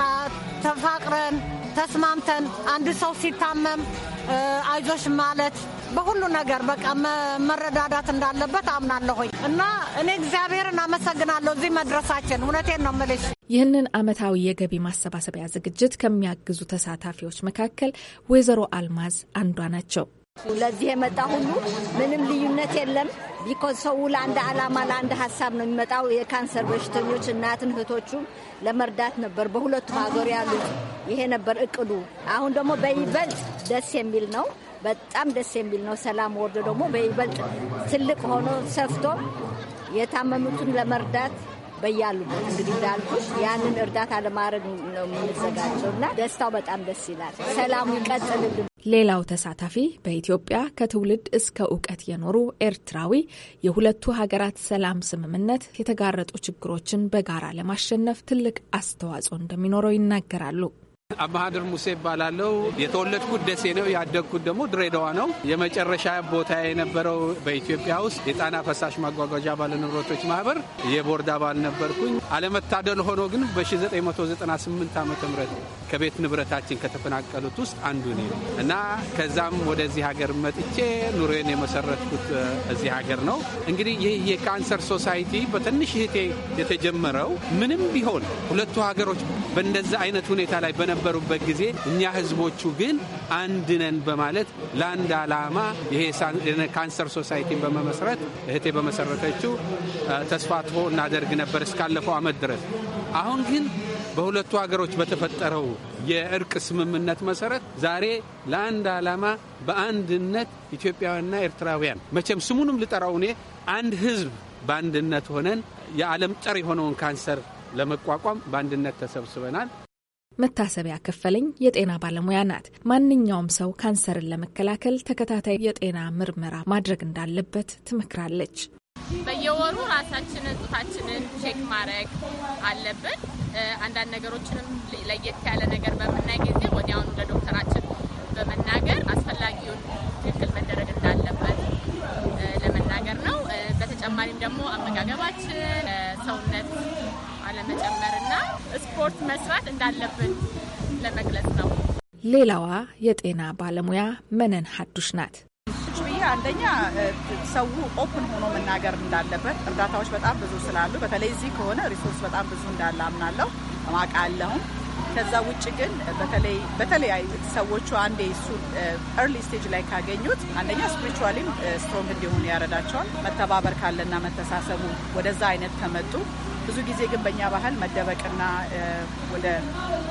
ተፋቅረን ተስማምተን አንድ ሰው ሲታመም አይዞሽ ማለት በሁሉ ነገር በቃ መረዳዳት እንዳለበት አምናለሁኝ እና እኔ እግዚአብሔርን አመሰግናለሁ እዚህ መድረሳችን። እውነቴን ነው የምልሽ። ይህንን ዓመታዊ የገቢ ማሰባሰቢያ ዝግጅት ከሚያግዙ ተሳታፊዎች መካከል ወይዘሮ አልማዝ አንዷ ናቸው። ለዚህ የመጣ ሁሉ ምንም ልዩነት የለም። ቢኮዝ ሰው ለአንድ ዓላማ ለአንድ ሀሳብ ነው የሚመጣው። የካንሰር በሽተኞች እናትን እህቶቹ ለመርዳት ነበር በሁለቱ ሀገር ያሉት። ይሄ ነበር እቅዱ። አሁን ደግሞ በይበልጥ ደስ የሚል ነው። በጣም ደስ የሚል ነው። ሰላም ወርዶ ደግሞ በይበልጥ ትልቅ ሆኖ ሰፍቶ የታመሙትን ለመርዳት በያሉበት እንግዲህ እንዳልኩሽ ያንን እርዳታ ለማድረግ ነው የምንዘጋጀው እና ደስታው በጣም ደስ ይላል። ሰላሙ ይቀጥልልን። ሌላው ተሳታፊ በኢትዮጵያ ከትውልድ እስከ እውቀት የኖሩ ኤርትራዊ የሁለቱ ሀገራት ሰላም ስምምነት የተጋረጡ ችግሮችን በጋራ ለማሸነፍ ትልቅ አስተዋጽኦ እንደሚኖረው ይናገራሉ። አማሃድር ሙሴ ይባላለው። የተወለድኩት ደሴ ነው፣ ያደግኩት ደግሞ ድሬዳዋ ነው። የመጨረሻ ቦታ የነበረው በኢትዮጵያ ውስጥ የጣና ፈሳሽ ማጓጓዣ ባለንብረቶች ማህበር የቦርድ አባል ነበርኩኝ። አለመታደል ሆኖ ግን በ1998 ዓ ም ከቤት ንብረታችን ከተፈናቀሉት ውስጥ አንዱ ነው እና ከዛም ወደዚህ ሀገር መጥቼ ኑሬን የመሰረትኩት እዚህ ሀገር ነው። እንግዲህ ይህ የካንሰር ሶሳይቲ በትንሽ እህቴ የተጀመረው ምንም ቢሆን ሁለቱ ሀገሮች በእንደዛ አይነት ሁኔታ ላይ በነ በነበሩበት ጊዜ እኛ ህዝቦቹ ግን አንድ ነን በማለት ለአንድ ዓላማ ይሄ ካንሰር ሶሳይቲን በመመስረት እህቴ በመሰረተችው ተስፋትፎ እናደርግ ነበር እስካለፈው ዓመት ድረስ። አሁን ግን በሁለቱ ሀገሮች በተፈጠረው የእርቅ ስምምነት መሰረት ዛሬ ለአንድ ዓላማ በአንድነት ኢትዮጵያውያንና ኤርትራውያን መቼም ስሙንም ልጠራው እኔ አንድ ህዝብ በአንድነት ሆነን የዓለም ጠር የሆነውን ካንሰር ለመቋቋም በአንድነት ተሰብስበናል። መታሰቢያ ከፈለኝ የጤና ባለሙያ ናት። ማንኛውም ሰው ካንሰርን ለመከላከል ተከታታይ የጤና ምርመራ ማድረግ እንዳለበት ትመክራለች። በየወሩ ራሳችንን ጡታችንን ቼክ ማድረግ አለብን። አንዳንድ ነገሮችንም ለየት ያለ ነገር በምናይ ጊዜ ወዲያውኑ ለዶክተራችን በመናገር አስፈላጊውን ትክክል መደረግ እንዳለበት ለመናገር ነው። በተጨማሪም ደግሞ አመጋገባችን ሰውነት መጨመርና ስፖርት መስራት እንዳለብን ለመግለጽ ነው። ሌላዋ የጤና ባለሙያ መነን ሀዱሽ ናት። አንደኛ ሰው ኦፕን ሆኖ መናገር እንዳለበት እርዳታዎች በጣም ብዙ ስላሉ በተለይ እዚህ ከሆነ ሪሶርስ በጣም ብዙ እንዳለ አምናለሁ አውቃለሁም። ከዛ ውጭ ግን በተለይ በተለያዩ ሰዎቹ አንዴ እሱ ኤርሊ ስቴጅ ላይ ካገኙት አንደኛ ስፒሪቹዋሊም ስትሮንግ እንዲሆኑ ያረዳቸዋል። መተባበር ካለና መተሳሰቡ ወደዛ አይነት ከመጡ ብዙ ጊዜ ግን በእኛ ባህል መደበቅና ወደ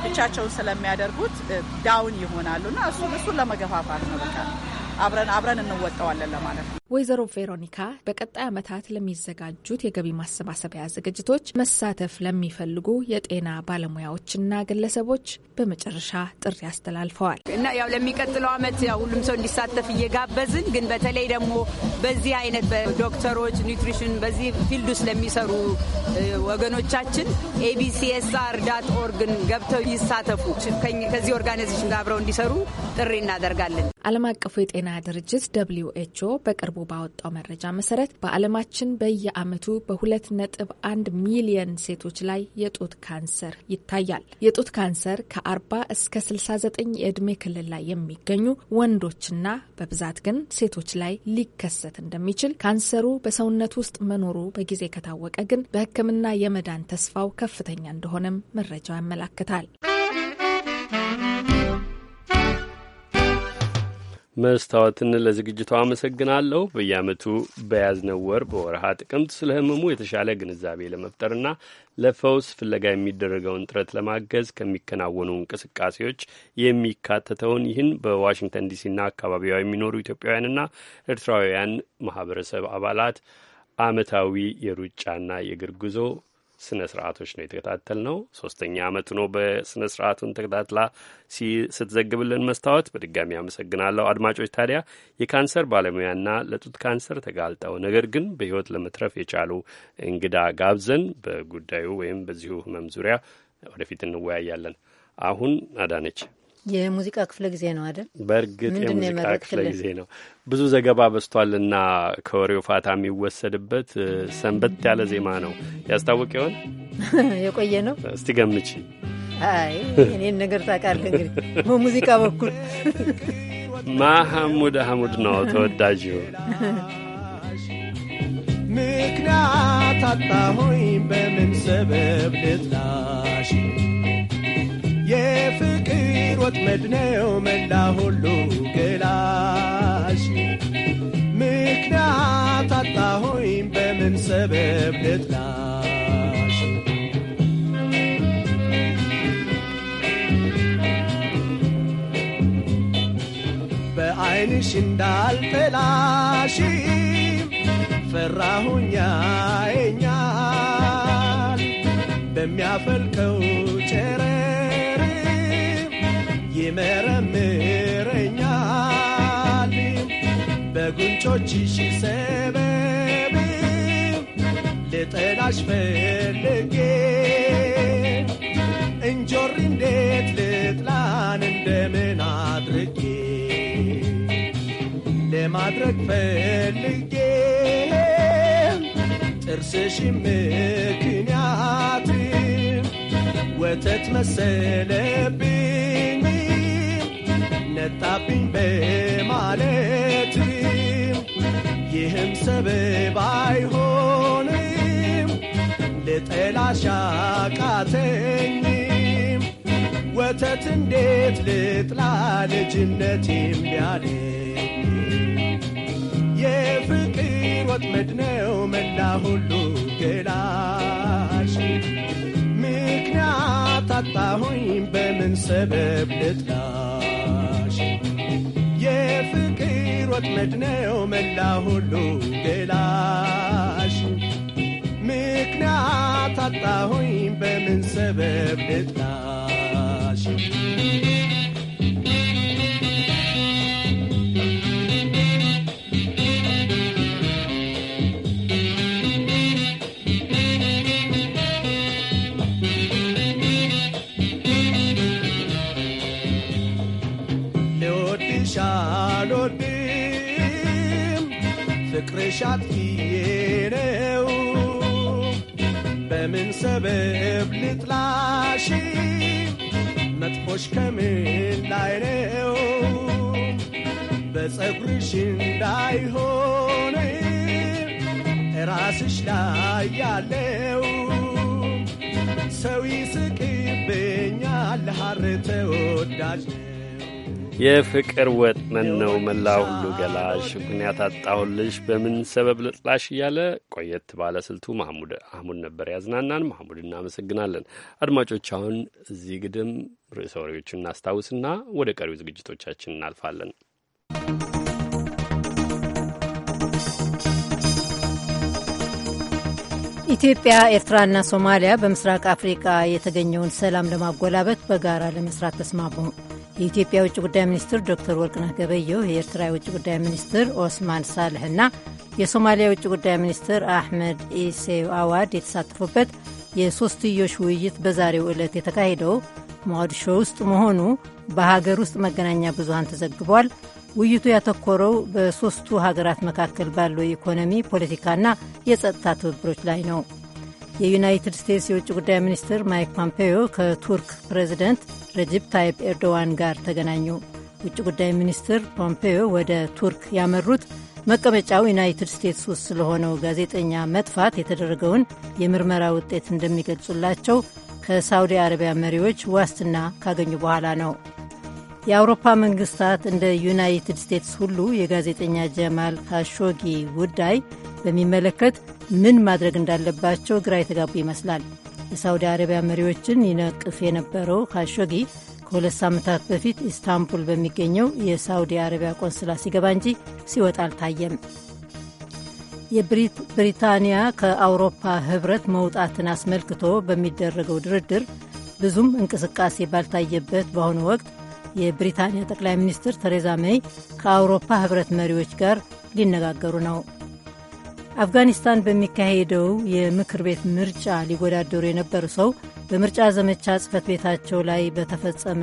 ብቻቸውን ስለሚያደርጉት ዳውን ይሆናሉ እና እሱን ለመገፋፋት ነው በቃ አብረን አብረን እንወጣዋለን ለማለት ነው። ወይዘሮ ቬሮኒካ በቀጣይ ዓመታት ለሚዘጋጁት የገቢ ማሰባሰቢያ ዝግጅቶች መሳተፍ ለሚፈልጉ የጤና ባለሙያዎችና ግለሰቦች በመጨረሻ ጥሪ አስተላልፈዋል እና ያው ለሚቀጥለው ዓመት ያው ሁሉም ሰው እንዲሳተፍ እየጋበዝን ግን በተለይ ደግሞ በዚህ አይነት በዶክተሮች ኒውትሪሽን በዚህ ፊልድ ውስጥ ለሚሰሩ ወገኖቻችን ኤቢሲኤስአር ዳት ኦርግን ገብተው ይሳተፉ ከዚህ ኦርጋናይዜሽን ጋር አብረው እንዲሰሩ ጥሪ እናደርጋለን። ዓለም አቀፉ የጤና የጤና ድርጅት ደብሊው ኤችኦ በቅርቡ ባወጣው መረጃ መሰረት በዓለማችን በየዓመቱ በሁለት ነጥብ አንድ ሚሊየን ሴቶች ላይ የጡት ካንሰር ይታያል። የጡት ካንሰር ከ40 እስከ 69 የዕድሜ ክልል ላይ የሚገኙ ወንዶችና በብዛት ግን ሴቶች ላይ ሊከሰት እንደሚችል ካንሰሩ በሰውነት ውስጥ መኖሩ በጊዜ ከታወቀ ግን በሕክምና የመዳን ተስፋው ከፍተኛ እንደሆነም መረጃው ያመላክታል። መስታወትን ለዝግጅቷ አመሰግናለሁ። በየአመቱ በያዝነው ወር በወርሃ ጥቅምት ስለ ህመሙ የተሻለ ግንዛቤ ለመፍጠርና ለፈውስ ፍለጋ የሚደረገውን ጥረት ለማገዝ ከሚከናወኑ እንቅስቃሴዎች የሚካተተውን ይህን በዋሽንግተን ዲሲና አካባቢዋ የሚኖሩ ኢትዮጵያውያንና ኤርትራውያን ማህበረሰብ አባላት አመታዊ የሩጫና የእግር ጉዞ ስነ ስርዓቶች ነው የተከታተል ነው። ሶስተኛ አመት ነው በስነ ስርዓቱን ተከታትላ ስትዘግብልን መስታወት በድጋሚ አመሰግናለሁ። አድማጮች ታዲያ የካንሰር ባለሙያና ለጡት ካንሰር ተጋልጠው ነገር ግን በህይወት ለመትረፍ የቻሉ እንግዳ ጋብዘን በጉዳዩ ወይም በዚሁ ህመም ዙሪያ ወደፊት እንወያያለን። አሁን አዳነች የሙዚቃ ክፍለ ጊዜ ነው አይደል? በእርግጥ የሙዚቃ ክፍለ ጊዜ ነው። ብዙ ዘገባ በዝቷልና ከወሬው ፋታ የሚወሰድበት ሰንበት ያለ ዜማ ነው። ያስታውቅ ይሆን? የቆየ ነው። እስቲ ገምች። አይ እኔን ነገር ታውቃለህ እንግዲህ በሙዚቃ በኩል ማሐሙድ አህሙድ ነው ተወዳጅ ምክንያት አጣሆኝ በምን ሰበብ ልትላሽ ወጥመድ ነው መላ ሁሉ ገላሽ ምክንያት አጣሁኝ በምን ሰበብ ልጥላሽ በዐይንሽ እንዳልፈላሽ ፈራሁኛ የኛል በሚያፈልከው ጨረ ይመረምረኛል በጉንጮችሽ ሰበብ ልጠላሽ ፈልጌ እንጆሪ እንዴት ልጥላን እንደምን አድርጌ ለማድረግ ፈልጌ ጥርስሽ ምክንያት ወተት መሰለብኝ ነጣብኝ በማለት ይህም ሰበብ አይሆንም ልጠላሽ አቃተኝም ወተት እንዴት ልጥላ ልጅነቴም ቢያለኝ የፍቅር ወጥመድ ነው መላ ሁሉ ገላሽ ምክንያት አጣሁኝ በምን ሰበብ ልጥላ የፍቅር ወጥመድ ነው መላ ሁሉ ገላሽ ምክንያት አጣሁኝ በምን ሰበብ ሻጥዬነው በምን ሰበብ ልጥላሽ መጥፎሽ ከምን ላይ ነው በፀጉርሽ እንዳይሆን ራስሽ ላይ ያለው ሰው ይስቅብኛል ሐር ተወዳጅ የፍቅር ወጥመን ነው መላ ሁሉ ገላሽ ምክንያት አጣሁልሽ በምን ሰበብ ልጥላሽ እያለ ቆየት ባለ ስልቱ ማህሙድ አህሙድ ነበር ያዝናናን። ማሙድ እናመሰግናለን። አድማጮች አሁን እዚህ ግድም ርዕሰ ወሬዎቹን እናስታውስና ወደ ቀሪው ዝግጅቶቻችን እናልፋለን። ኢትዮጵያ፣ ኤርትራና ሶማሊያ በምስራቅ አፍሪቃ የተገኘውን ሰላም ለማጎላበት በጋራ ለመስራት ተስማሙ። የኢትዮጵያ የውጭ ጉዳይ ሚኒስትር ዶክተር ወርቅነህ ገበየሁ፣ የኤርትራ የውጭ ጉዳይ ሚኒስትር ኦስማን ሳልህና የሶማሊያ የውጭ ጉዳይ ሚኒስትር አሕመድ ኢሴው አዋድ የተሳተፉበት የሶስትዮሽ ውይይት በዛሬው ዕለት የተካሄደው ሞቃዲሾ ውስጥ መሆኑ በሀገር ውስጥ መገናኛ ብዙሃን ተዘግቧል። ውይይቱ ያተኮረው በሦስቱ ሀገራት መካከል ባለው የኢኮኖሚ ፖለቲካና የጸጥታ ትብብሮች ላይ ነው። የዩናይትድ ስቴትስ የውጭ ጉዳይ ሚኒስትር ማይክ ፖምፔዮ ከቱርክ ፕሬዚደንት ረጅብ ታይፕ ኤርዶዋን ጋር ተገናኙ። ውጭ ጉዳይ ሚኒስትር ፖምፔዮ ወደ ቱርክ ያመሩት መቀመጫው ዩናይትድ ስቴትስ ውስጥ ስለሆነው ጋዜጠኛ መጥፋት የተደረገውን የምርመራ ውጤት እንደሚገልጹላቸው ከሳውዲ አረቢያ መሪዎች ዋስትና ካገኙ በኋላ ነው። የአውሮፓ መንግስታት እንደ ዩናይትድ ስቴትስ ሁሉ የጋዜጠኛ ጀማል ካሾጊ ጉዳይ በሚመለከት ምን ማድረግ እንዳለባቸው ግራ የተጋቡ ይመስላል። የሳውዲ አረቢያ መሪዎችን ይነቅፍ የነበረው ካሾጊ ከሁለት ሳምንታት በፊት ኢስታንቡል በሚገኘው የሳውዲ አረቢያ ቆንስላ ሲገባ እንጂ ሲወጣ አልታየም። የብሪታንያ ከአውሮፓ ህብረት መውጣትን አስመልክቶ በሚደረገው ድርድር ብዙም እንቅስቃሴ ባልታየበት በአሁኑ ወቅት የብሪታንያ ጠቅላይ ሚኒስትር ተሬዛ ሜይ ከአውሮፓ ህብረት መሪዎች ጋር ሊነጋገሩ ነው። አፍጋኒስታን በሚካሄደው የምክር ቤት ምርጫ ሊወዳደሩ የነበሩ ሰው በምርጫ ዘመቻ ጽህፈት ቤታቸው ላይ በተፈጸመ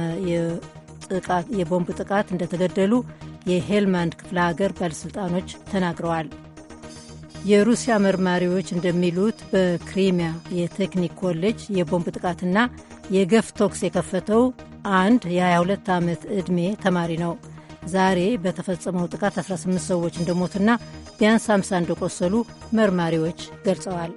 የቦምብ ጥቃት እንደተገደሉ የሄልማንድ ክፍለ ሀገር ባለሥልጣኖች ተናግረዋል። የሩሲያ መርማሪዎች እንደሚሉት በክሪሚያ የቴክኒክ ኮሌጅ የቦምብ ጥቃትና የገፍ ቶክስ የከፈተው አንድ የ22 ዓመት ዕድሜ ተማሪ ነው። ዛሬ በተፈጸመው ጥቃት 18 ሰዎች እንደሞቱና ቢያንስ 50 እንደቆሰሉ መርማሪዎች ገልጸዋል።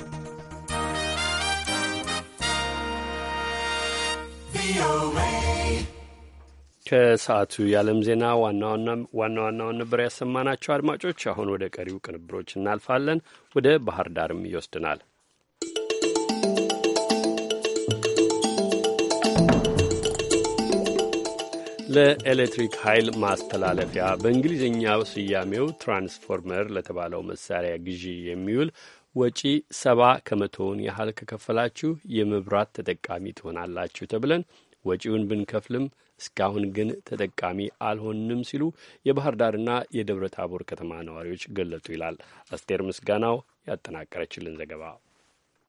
ከሰዓቱ የዓለም ዜና ዋና ዋናውን ነበር ያሰማናቸው። አድማጮች፣ አሁን ወደ ቀሪው ቅንብሮች እናልፋለን። ወደ ባህር ዳርም ይወስድናል። ለኤሌክትሪክ ኃይል ማስተላለፊያ በእንግሊዝኛው ስያሜው ትራንስፎርመር ለተባለው መሳሪያ ግዢ የሚውል ወጪ ሰባ ከመቶውን ያህል ከከፈላችሁ የመብራት ተጠቃሚ ትሆናላችሁ ተብለን ወጪውን ብንከፍልም እስካሁን ግን ተጠቃሚ አልሆንም ሲሉ የባህር ዳርና የደብረ ታቦር ከተማ ነዋሪዎች ገለጡ ይላል አስቴር ምስጋናው ያጠናቀረችልን ዘገባ።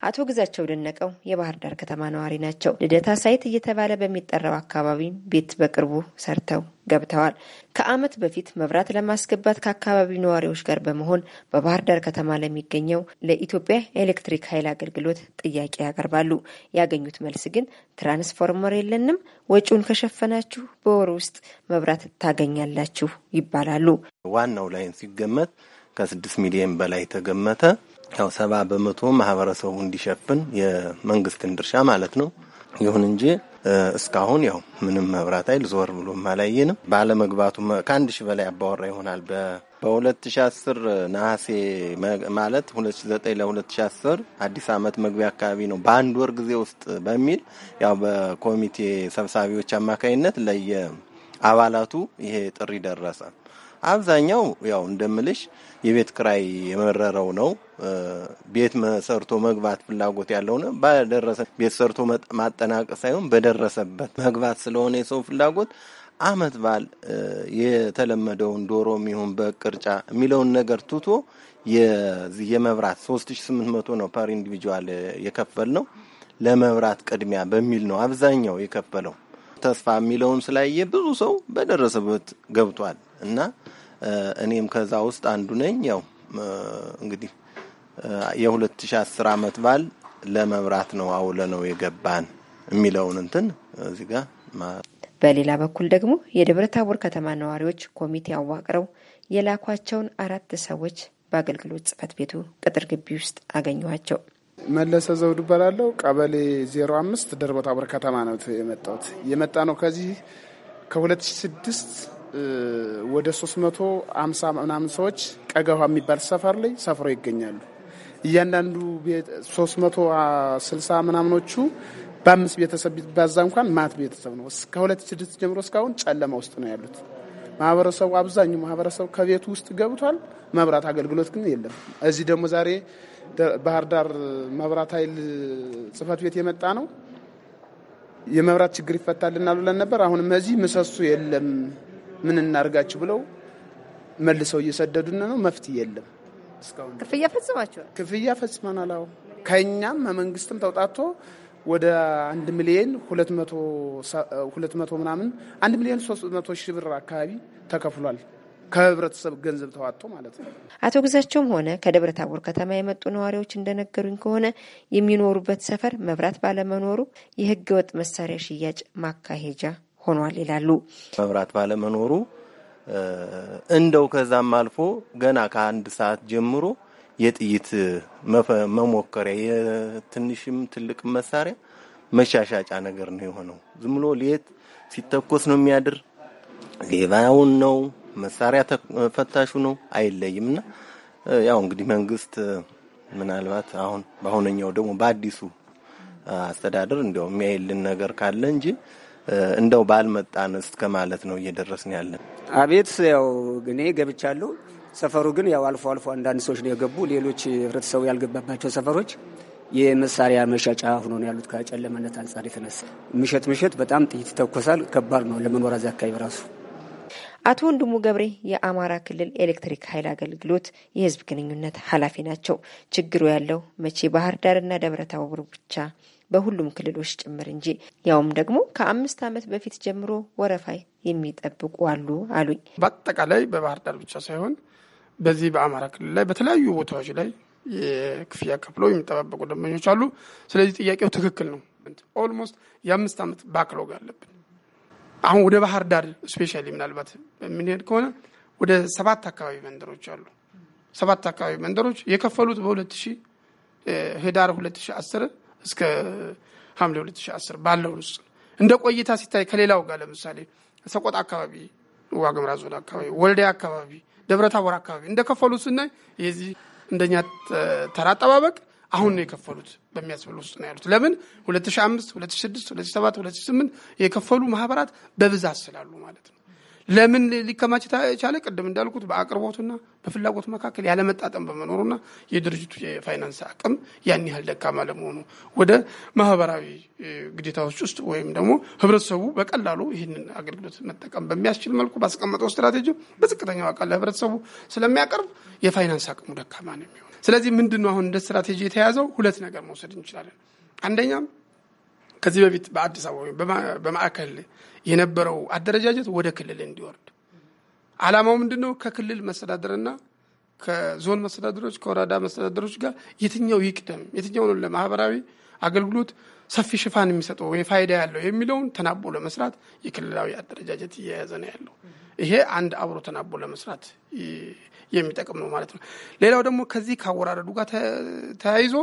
አቶ ግዛቸው ደነቀው የባህር ዳር ከተማ ነዋሪ ናቸው። ልደታ ሳይት እየተባለ በሚጠራው አካባቢ ቤት በቅርቡ ሰርተው ገብተዋል። ከዓመት በፊት መብራት ለማስገባት ከአካባቢው ነዋሪዎች ጋር በመሆን በባህር ዳር ከተማ ለሚገኘው ለኢትዮጵያ ኤሌክትሪክ ኃይል አገልግሎት ጥያቄ ያቀርባሉ። ያገኙት መልስ ግን ትራንስፎርመር የለንም፣ ወጪውን ከሸፈናችሁ በወር ውስጥ መብራት ታገኛላችሁ ይባላሉ። ዋናው ላይን ሲገመት ከስድስት ሚሊዮን በላይ ተገመተ። ያው ሰባ በመቶ ማህበረሰቡ እንዲሸፍን የመንግስትን ድርሻ ማለት ነው። ይሁን እንጂ እስካሁን ያው ምንም መብራት አይል ዞር ብሎ አላየንም። ባለመግባቱ ከአንድ ሺህ በላይ አባወራ ይሆናል። በ2010 ነሐሴ ማለት 2009 ለ2010 አዲስ ዓመት መግቢያ አካባቢ ነው በአንድ ወር ጊዜ ውስጥ በሚል ያው በኮሚቴ ሰብሳቢዎች አማካኝነት ለየ አባላቱ ይሄ ጥሪ ደረሰ። አብዛኛው ያው እንደምልሽ የቤት ክራይ የመረረው ነው። ቤት ሰርቶ መግባት ፍላጎት ያለው ነው። ባደረሰ ቤት ሰርቶ ማጠናቀቅ ሳይሆን በደረሰበት መግባት ስለሆነ የሰው ፍላጎት አመት በዓል የተለመደውን ዶሮ የሚሆን በቅርጫ የሚለውን ነገር ትቶ የዚህ የመብራት 3800 ነው ፐር ኢንዲቪጁዋል የከፈል ነው ለመብራት ቅድሚያ በሚል ነው አብዛኛው የከፈለው። ተስፋ የሚለውን ስላየ ብዙ ሰው በደረሰበት ገብቷል እና እኔም ከዛ ውስጥ አንዱ ነኝ። ያው እንግዲህ የ2010 ዓመት በዓል ለመብራት ነው አውለ ነው የገባን የሚለውን እንትን እዚህ ጋር በሌላ በኩል ደግሞ የደብረ ታቦር ከተማ ነዋሪዎች ኮሚቴ አዋቅረው የላኳቸውን አራት ሰዎች በአገልግሎት ጽህፈት ቤቱ ቅጥር ግቢ ውስጥ አገኘኋቸው። መለሰ ዘውዱ እባላለሁ። ቀበሌ 05 ደብረ ታቦር ከተማ ነው የመጣሁት። የመጣ ነው ከዚህ ከ2006 ወደ 350 ምናምን ሰዎች ቀገሃ የሚባል ሰፈር ላይ ሰፍረው ይገኛሉ። እያንዳንዱ 360 ምናምኖቹ በአምስት ቤተሰብ ቢባዛ እንኳን ማት ቤተሰብ ነው። እስከ 2006 ጀምሮ እስካሁን ጨለማ ውስጥ ነው ያሉት። ማህበረሰቡ አብዛኛው ማህበረሰብ ከቤቱ ውስጥ ገብቷል። መብራት አገልግሎት ግን የለም። እዚህ ደግሞ ዛሬ ባህር ዳር መብራት ኃይል ጽህፈት ቤት የመጣ ነው የመብራት ችግር ይፈታልናል ብለን ነበር። አሁንም እዚህ ምሰሶ የለም ምን እናርጋችሁ ብለው መልሰው እየሰደዱን ነው። መፍትሄ የለም። ክፍያ ፈጽማቸዋል። ክፍያ ፈጽመናል። አዎ ከእኛም መንግስትም ተውጣቶ ወደ አንድ ሚሊዮን ሁለት መቶ ምናምን አንድ ሚሊዮን ሶስት መቶ ሺህ ብር አካባቢ ተከፍሏል። ከህብረተሰብ ገንዘብ ተዋጥቶ ማለት ነው። አቶ ግዛቸውም ሆነ ከደብረ ታቦር ከተማ የመጡ ነዋሪዎች እንደነገሩኝ ከሆነ የሚኖሩበት ሰፈር መብራት ባለመኖሩ የህገ ወጥ መሳሪያ ሽያጭ ማካሄጃ ሆኗል ይላሉ። መብራት ባለመኖሩ እንደው ከዛም አልፎ ገና ከአንድ ሰዓት ጀምሮ የጥይት መሞከሪያ የትንሽም ትልቅ መሳሪያ መሻሻጫ ነገር ነው የሆነው። ዝም ብሎ ሌት ሲተኮስ ነው የሚያድር። ሌባውን ነው መሳሪያ ፈታሹ ነው አይለይምና ያው እንግዲህ መንግስት ምናልባት አሁን በአሁነኛው ደግሞ በአዲሱ አስተዳደር እንዲያው የሚያይልን ነገር ካለ እንጂ እንደው ባልመጣንስ ከማለት ነው እየደረስን ያለን። አቤት ያው እኔ ገብቻለሁ። ሰፈሩ ግን ያው አልፎ አልፎ አንዳንድ ሰዎች ነው የገቡ። ሌሎች ህብረተሰቡ ያልገባባቸው ሰፈሮች የመሳሪያ መሸጫ ሆኖ ነው ያሉት። ከጨለመነት አንጻር የተነሳ ምሸት ምሸት በጣም ጥይት ይተኮሳል። ከባድ ነው ለመኖር እዚያ አካባቢ ራሱ። አቶ ወንድሙ ገብሬ የአማራ ክልል ኤሌክትሪክ ኃይል አገልግሎት የህዝብ ግንኙነት ኃላፊ ናቸው። ችግሩ ያለው መቼ ባህር ዳርና ደብረ ታቦር ብቻ በሁሉም ክልሎች ጭምር እንጂ ያውም ደግሞ ከአምስት ዓመት በፊት ጀምሮ ወረፋይ የሚጠብቁ አሉ አሉኝ። በአጠቃላይ በባህር ዳር ብቻ ሳይሆን በዚህ በአማራ ክልል ላይ በተለያዩ ቦታዎች ላይ የክፍያ ከፍለው የሚጠባበቁ ደንበኞች አሉ። ስለዚህ ጥያቄው ትክክል ነው። ኦልሞስት የአምስት ዓመት ባክሎግ አለብን። አሁን ወደ ባህር ዳር ስፔሻሊ ምናልባት የምንሄድ ከሆነ ወደ ሰባት አካባቢ መንደሮች አሉ። ሰባት አካባቢ መንደሮች የከፈሉት በ 2000 ህዳር 2010 እስከ ሐምሌ 2010 ባለው ውስጥ እንደ ቆይታ ሲታይ ከሌላው ጋር ለምሳሌ ሰቆጣ አካባቢ፣ ዋግምራ ዞን አካባቢ፣ ወልዲያ አካባቢ፣ ደብረታቦር አካባቢ እንደከፈሉ ስናይ የዚህ እንደኛ ተራ አጠባበቅ አሁን ነው የከፈሉት በሚያስብል ውስጥ ነው ያሉት። ለምን 2005፣ 2006፣ 2007፣ 2008 የከፈሉ ማህበራት በብዛት ስላሉ ማለት ነው። ለምን ሊከማች ቻለ? ቅድም እንዳልኩት በአቅርቦትና በፍላጎት መካከል ያለመጣጠም በመኖሩና የድርጅቱ የፋይናንስ አቅም ያን ያህል ደካማ ለመሆኑ ወደ ማህበራዊ ግዴታዎች ውስጥ ወይም ደግሞ ህብረተሰቡ በቀላሉ ይህንን አገልግሎት መጠቀም በሚያስችል መልኩ ባስቀመጠው ስትራቴጂ በዝቅተኛው አቃል ለህብረተሰቡ ስለሚያቀርብ የፋይናንስ አቅሙ ደካማ ነው የሚሆን። ስለዚህ ምንድን ነው አሁን እንደ ስትራቴጂ የተያዘው? ሁለት ነገር መውሰድ እንችላለን። አንደኛም ከዚህ በፊት በአዲስ አበባ ወይም በማዕከል የነበረው አደረጃጀት ወደ ክልል እንዲወርድ ዓላማው ምንድን ነው? ከክልል መስተዳደርና ከዞን መስተዳደሮች ከወረዳ መስተዳደሮች ጋር የትኛው ይቅደም፣ የትኛው ነው ለማህበራዊ አገልግሎት ሰፊ ሽፋን የሚሰጠው ወይ ፋይዳ ያለው የሚለውን ተናቦ ለመስራት የክልላዊ አደረጃጀት እየያዘ ነው ያለው። ይሄ አንድ አብሮ ተናቦ ለመስራት የሚጠቅም ነው ማለት ነው። ሌላው ደግሞ ከዚህ ካወራረዱ ጋር ተያይዞ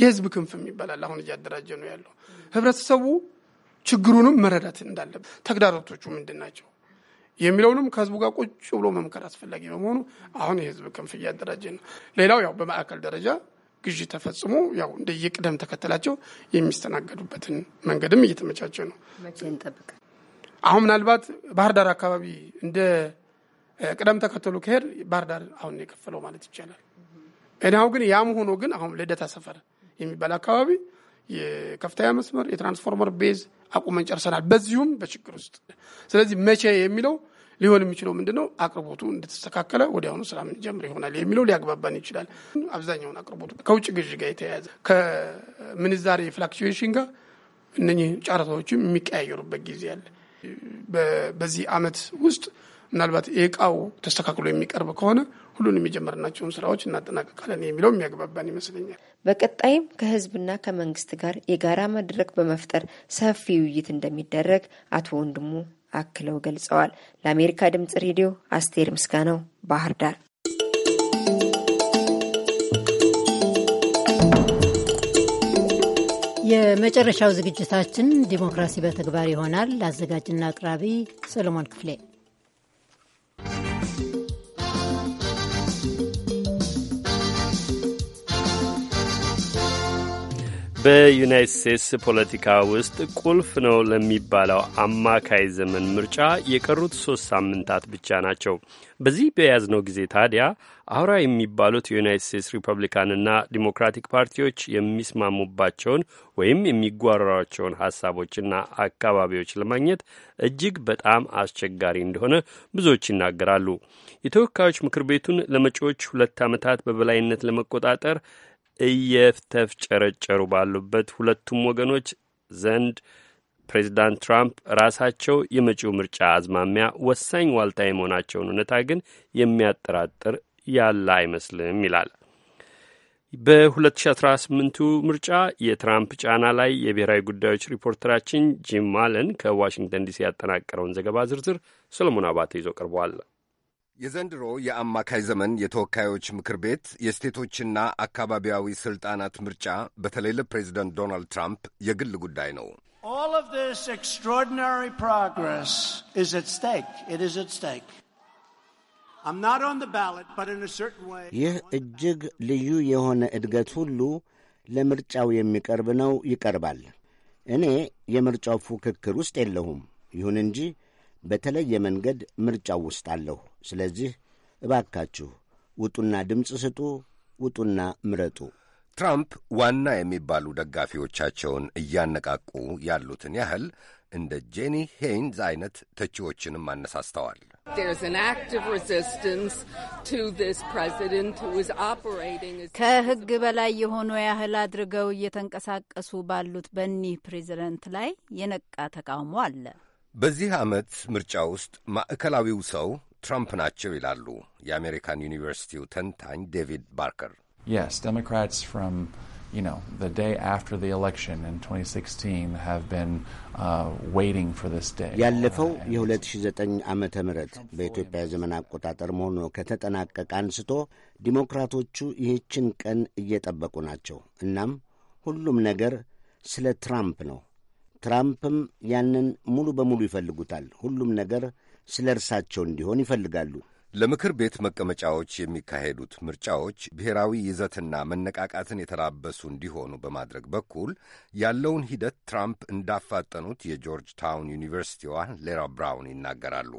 የህዝብ ክንፍ የሚባላል አሁን እያደራጀ ነው ያለው ህብረተሰቡ ችግሩንም መረዳት እንዳለብን ተግዳሮቶቹ ምንድን ናቸው የሚለውንም ከህዝቡ ጋር ቁጭ ብሎ መምከር አስፈላጊ በመሆኑ አሁን የህዝብ ክንፍ እያደራጀ ነው። ሌላው ያው በማዕከል ደረጃ ግዢ ተፈጽሞ ያው እንደየቅደም ተከተላቸው የሚስተናገዱበትን መንገድም እየተመቻቸ ነው። አሁን ምናልባት ባህር ዳር አካባቢ እንደ ቅደም ተከተሉ ከሄድ ባህር ዳር አሁን የከፈለው ማለት ይቻላል። እኔ ግን ያም ሆኖ ግን አሁን ልደታ ሰፈር የሚባል አካባቢ የከፍተኛ መስመር የትራንስፎርመር ቤዝ አቁመን ጨርሰናል። በዚሁም በችግር ውስጥ ስለዚህ መቼ የሚለው ሊሆን የሚችለው ምንድን ነው? አቅርቦቱ እንደተስተካከለ ወዲያውኑ ስራ ምንጀምር ይሆናል የሚለው ሊያግባባን ይችላል። አብዛኛውን አቅርቦቱ ከውጭ ግዥ ጋር የተያያዘ ከምንዛሬ ፍላክቹዌሽን ጋር እነኚህ ጨረታዎችም የሚቀያየሩበት ጊዜ አለ። በዚህ አመት ውስጥ ምናልባት የእቃው ተስተካክሎ የሚቀርብ ከሆነ ሁሉንም የጀመርናቸውን ስራዎች እናጠናቀቃለን የሚለው የሚያግባባን ይመስለኛል። በቀጣይም ከህዝብና ከመንግስት ጋር የጋራ መድረክ በመፍጠር ሰፊ ውይይት እንደሚደረግ አቶ ወንድሙ አክለው ገልጸዋል። ለአሜሪካ ድምጽ ሬዲዮ አስቴር ምስጋናው ባህር ዳር። የመጨረሻው ዝግጅታችን ዲሞክራሲ በተግባር ይሆናል። አዘጋጅና አቅራቢ ሰሎሞን ክፍሌ በዩናይት ስቴትስ ፖለቲካ ውስጥ ቁልፍ ነው ለሚባለው አማካይ ዘመን ምርጫ የቀሩት ሶስት ሳምንታት ብቻ ናቸው። በዚህ በያዝነው ጊዜ ታዲያ አውራ የሚባሉት የዩናይት ስቴትስ ሪፐብሊካንና ዲሞክራቲክ ፓርቲዎች የሚስማሙባቸውን ወይም የሚጓሯቸውን ሀሳቦችና አካባቢዎች ለማግኘት እጅግ በጣም አስቸጋሪ እንደሆነ ብዙዎች ይናገራሉ። የተወካዮች ምክር ቤቱን ለመጪዎች ሁለት ዓመታት በበላይነት ለመቆጣጠር እየተፍጨረጨሩ ባሉበት ሁለቱም ወገኖች ዘንድ ፕሬዚዳንት ትራምፕ ራሳቸው የመጪው ምርጫ አዝማሚያ ወሳኝ ዋልታ የመሆናቸውን እውነታ ግን የሚያጠራጥር ያለ አይመስልም ይላል። በ2018ቱ ምርጫ የትራምፕ ጫና ላይ የብሔራዊ ጉዳዮች ሪፖርተራችን ጂም ማለን ከዋሽንግተን ዲሲ ያጠናቀረውን ዘገባ ዝርዝር ሰለሞን አባተ ይዞ ቀርቧል። የዘንድሮ የአማካይ ዘመን የተወካዮች ምክር ቤት የስቴቶችና አካባቢያዊ ስልጣናት ምርጫ በተለይ ለፕሬዚደንት ዶናልድ ትራምፕ የግል ጉዳይ ነው። ይህ እጅግ ልዩ የሆነ እድገት ሁሉ ለምርጫው የሚቀርብ ነው፣ ይቀርባል። እኔ የምርጫው ፉክክር ውስጥ የለሁም። ይሁን እንጂ በተለየ መንገድ ምርጫው ውስጥ አለሁ። ስለዚህ እባካችሁ ውጡና ድምፅ ስጡ፣ ውጡና ምረጡ። ትራምፕ ዋና የሚባሉ ደጋፊዎቻቸውን እያነቃቁ ያሉትን ያህል እንደ ጄኒ ሄይንዝ አይነት ተቺዎችንም አነሳስተዋል። ከሕግ በላይ የሆኑ ያህል አድርገው እየተንቀሳቀሱ ባሉት በኒህ ፕሬዚደንት ላይ የነቃ ተቃውሞ አለ። በዚህ ዓመት ምርጫ ውስጥ ማዕከላዊው ሰው ትራምፕ ናቸው ይላሉ የአሜሪካን ዩኒቨርሲቲው ተንታኝ ዴቪድ ባርከር። Yes, Democrats from you know the day after the election in 2016 have been uh, waiting for this day. ያለፈው የ2009 ዓመተ ምህረት በኢትዮጵያ ዘመን አቆጣጠር መሆኑ ከተጠናቀቀ አንስቶ ዲሞክራቶቹ ይህችን ቀን እየጠበቁ ናቸው። እናም ሁሉም ነገር ስለ ትራምፕ ነው። ትራምፕም ያንን ሙሉ በሙሉ ይፈልጉታል። ሁሉም ነገር ስለ እርሳቸው እንዲሆን ይፈልጋሉ። ለምክር ቤት መቀመጫዎች የሚካሄዱት ምርጫዎች ብሔራዊ ይዘትና መነቃቃትን የተላበሱ እንዲሆኑ በማድረግ በኩል ያለውን ሂደት ትራምፕ እንዳፋጠኑት የጆርጅ ታውን ዩኒቨርሲቲዋ ሌራ ብራውን ይናገራሉ።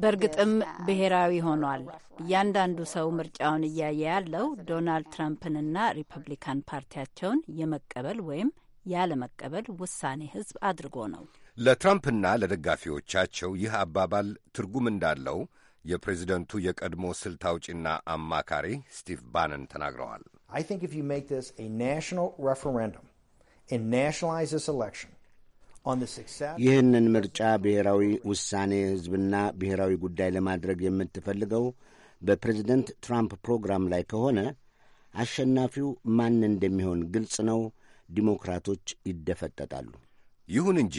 በእርግጥም ብሔራዊ ሆኗል። እያንዳንዱ ሰው ምርጫውን እያየ ያለው ዶናልድ ትራምፕንና ሪፐብሊካን ፓርቲያቸውን የመቀበል ወይም ያለመቀበል ውሳኔ ህዝብ አድርጎ ነው። ለትራምፕና ለደጋፊዎቻቸው ይህ አባባል ትርጉም እንዳለው የፕሬዚደንቱ የቀድሞ ስልት አውጪና አማካሪ ስቲቭ ባነን ተናግረዋል። I think if you ይህንን ምርጫ ብሔራዊ ውሳኔ ሕዝብና ብሔራዊ ጉዳይ ለማድረግ የምትፈልገው በፕሬዝደንት ትራምፕ ፕሮግራም ላይ ከሆነ አሸናፊው ማን እንደሚሆን ግልጽ ነው። ዲሞክራቶች ይደፈጠጣሉ። ይሁን እንጂ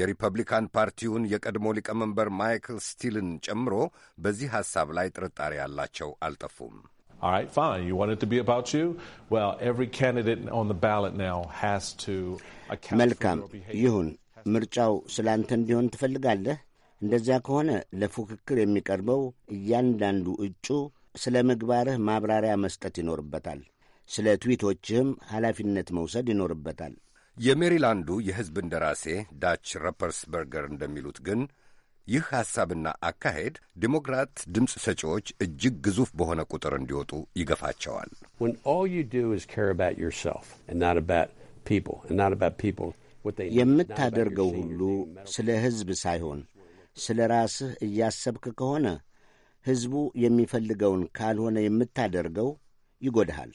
የሪፐብሊካን ፓርቲውን የቀድሞ ሊቀመንበር ማይክል ስቲልን ጨምሮ በዚህ ሐሳብ ላይ ጥርጣሬ ያላቸው አልጠፉም። All right, fine. You want it to be about you? Well, every candidate on the ballot now has to account መልካም ይሁን ምርጫው ስለ አንተ እንዲሆን ትፈልጋለህ? እንደዚያ ከሆነ ለፉክክር የሚቀርበው እያንዳንዱ እጩ ስለ ምግባርህ ማብራሪያ መስጠት ይኖርበታል። ስለ ትዊቶችህም ኃላፊነት መውሰድ ይኖርበታል። የሜሪላንዱ የሕዝብ እንደራሴ ዳች ረፐርስበርገር እንደሚሉት ግን ይህ ሐሳብና አካሄድ ዲሞክራት ድምፅ ሰጪዎች እጅግ ግዙፍ በሆነ ቁጥር እንዲወጡ ይገፋቸዋል። የምታደርገው ሁሉ ስለ ሕዝብ ሳይሆን ስለ ራስህ እያሰብክ ከሆነ ሕዝቡ የሚፈልገውን ካልሆነ የምታደርገው ይጎዳሃል።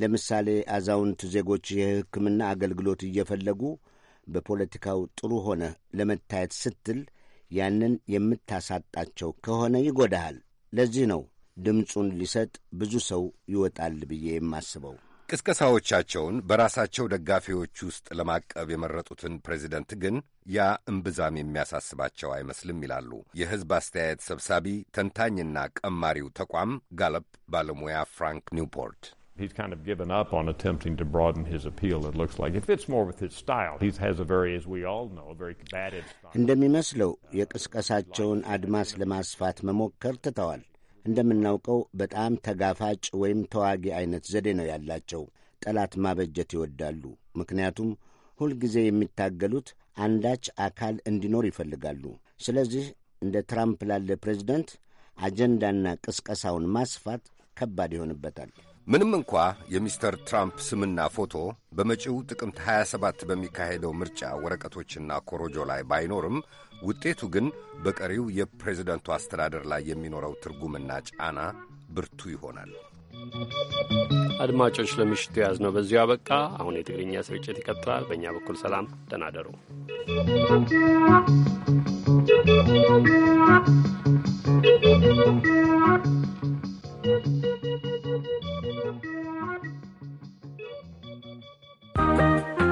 ለምሳሌ አዛውንት ዜጎች የሕክምና አገልግሎት እየፈለጉ በፖለቲካው ጥሩ ሆነ ለመታየት ስትል ያንን የምታሳጣቸው ከሆነ ይጎዳሃል። ለዚህ ነው ድምፁን ሊሰጥ ብዙ ሰው ይወጣል ብዬ የማስበው። ቅስቀሳዎቻቸውን በራሳቸው ደጋፊዎች ውስጥ ለማቀብ የመረጡትን ፕሬዚደንት ግን ያ እምብዛም የሚያሳስባቸው አይመስልም ይላሉ የሕዝብ አስተያየት ሰብሳቢ ተንታኝና ቀማሪው ተቋም ጋለፕ ባለሙያ ፍራንክ ኒውፖርት። he's kind of given up on attempting to broaden his appeal. It looks like it fits more with his style. He has a very, as we all know, a very combative style. እንደሚመስለው የቅስቀሳቸውን አድማስ ለማስፋት መሞከር ትተዋል። እንደምናውቀው በጣም ተጋፋጭ ወይም ተዋጊ አይነት ዘዴ ነው ያላቸው። ጠላት ማበጀት ይወዳሉ። ምክንያቱም ሁልጊዜ የሚታገሉት አንዳች አካል እንዲኖር ይፈልጋሉ። ስለዚህ እንደ ትራምፕ ላለ ፕሬዚደንት አጀንዳና ቅስቀሳውን ማስፋት ከባድ ይሆንበታል። ምንም እንኳ የሚስተር ትራምፕ ስምና ፎቶ በመጪው ጥቅምት 27 በሚካሄደው ምርጫ ወረቀቶችና ኮሮጆ ላይ ባይኖርም ውጤቱ ግን በቀሪው የፕሬዝደንቱ አስተዳደር ላይ የሚኖረው ትርጉምና ጫና ብርቱ ይሆናል። አድማጮች፣ ለምሽቱ የያዝነው በዚሁ አበቃ። አሁን የትግርኛ ስርጭት ይቀጥላል። በእኛ በኩል ሰላም፣ ደህና እደሩ።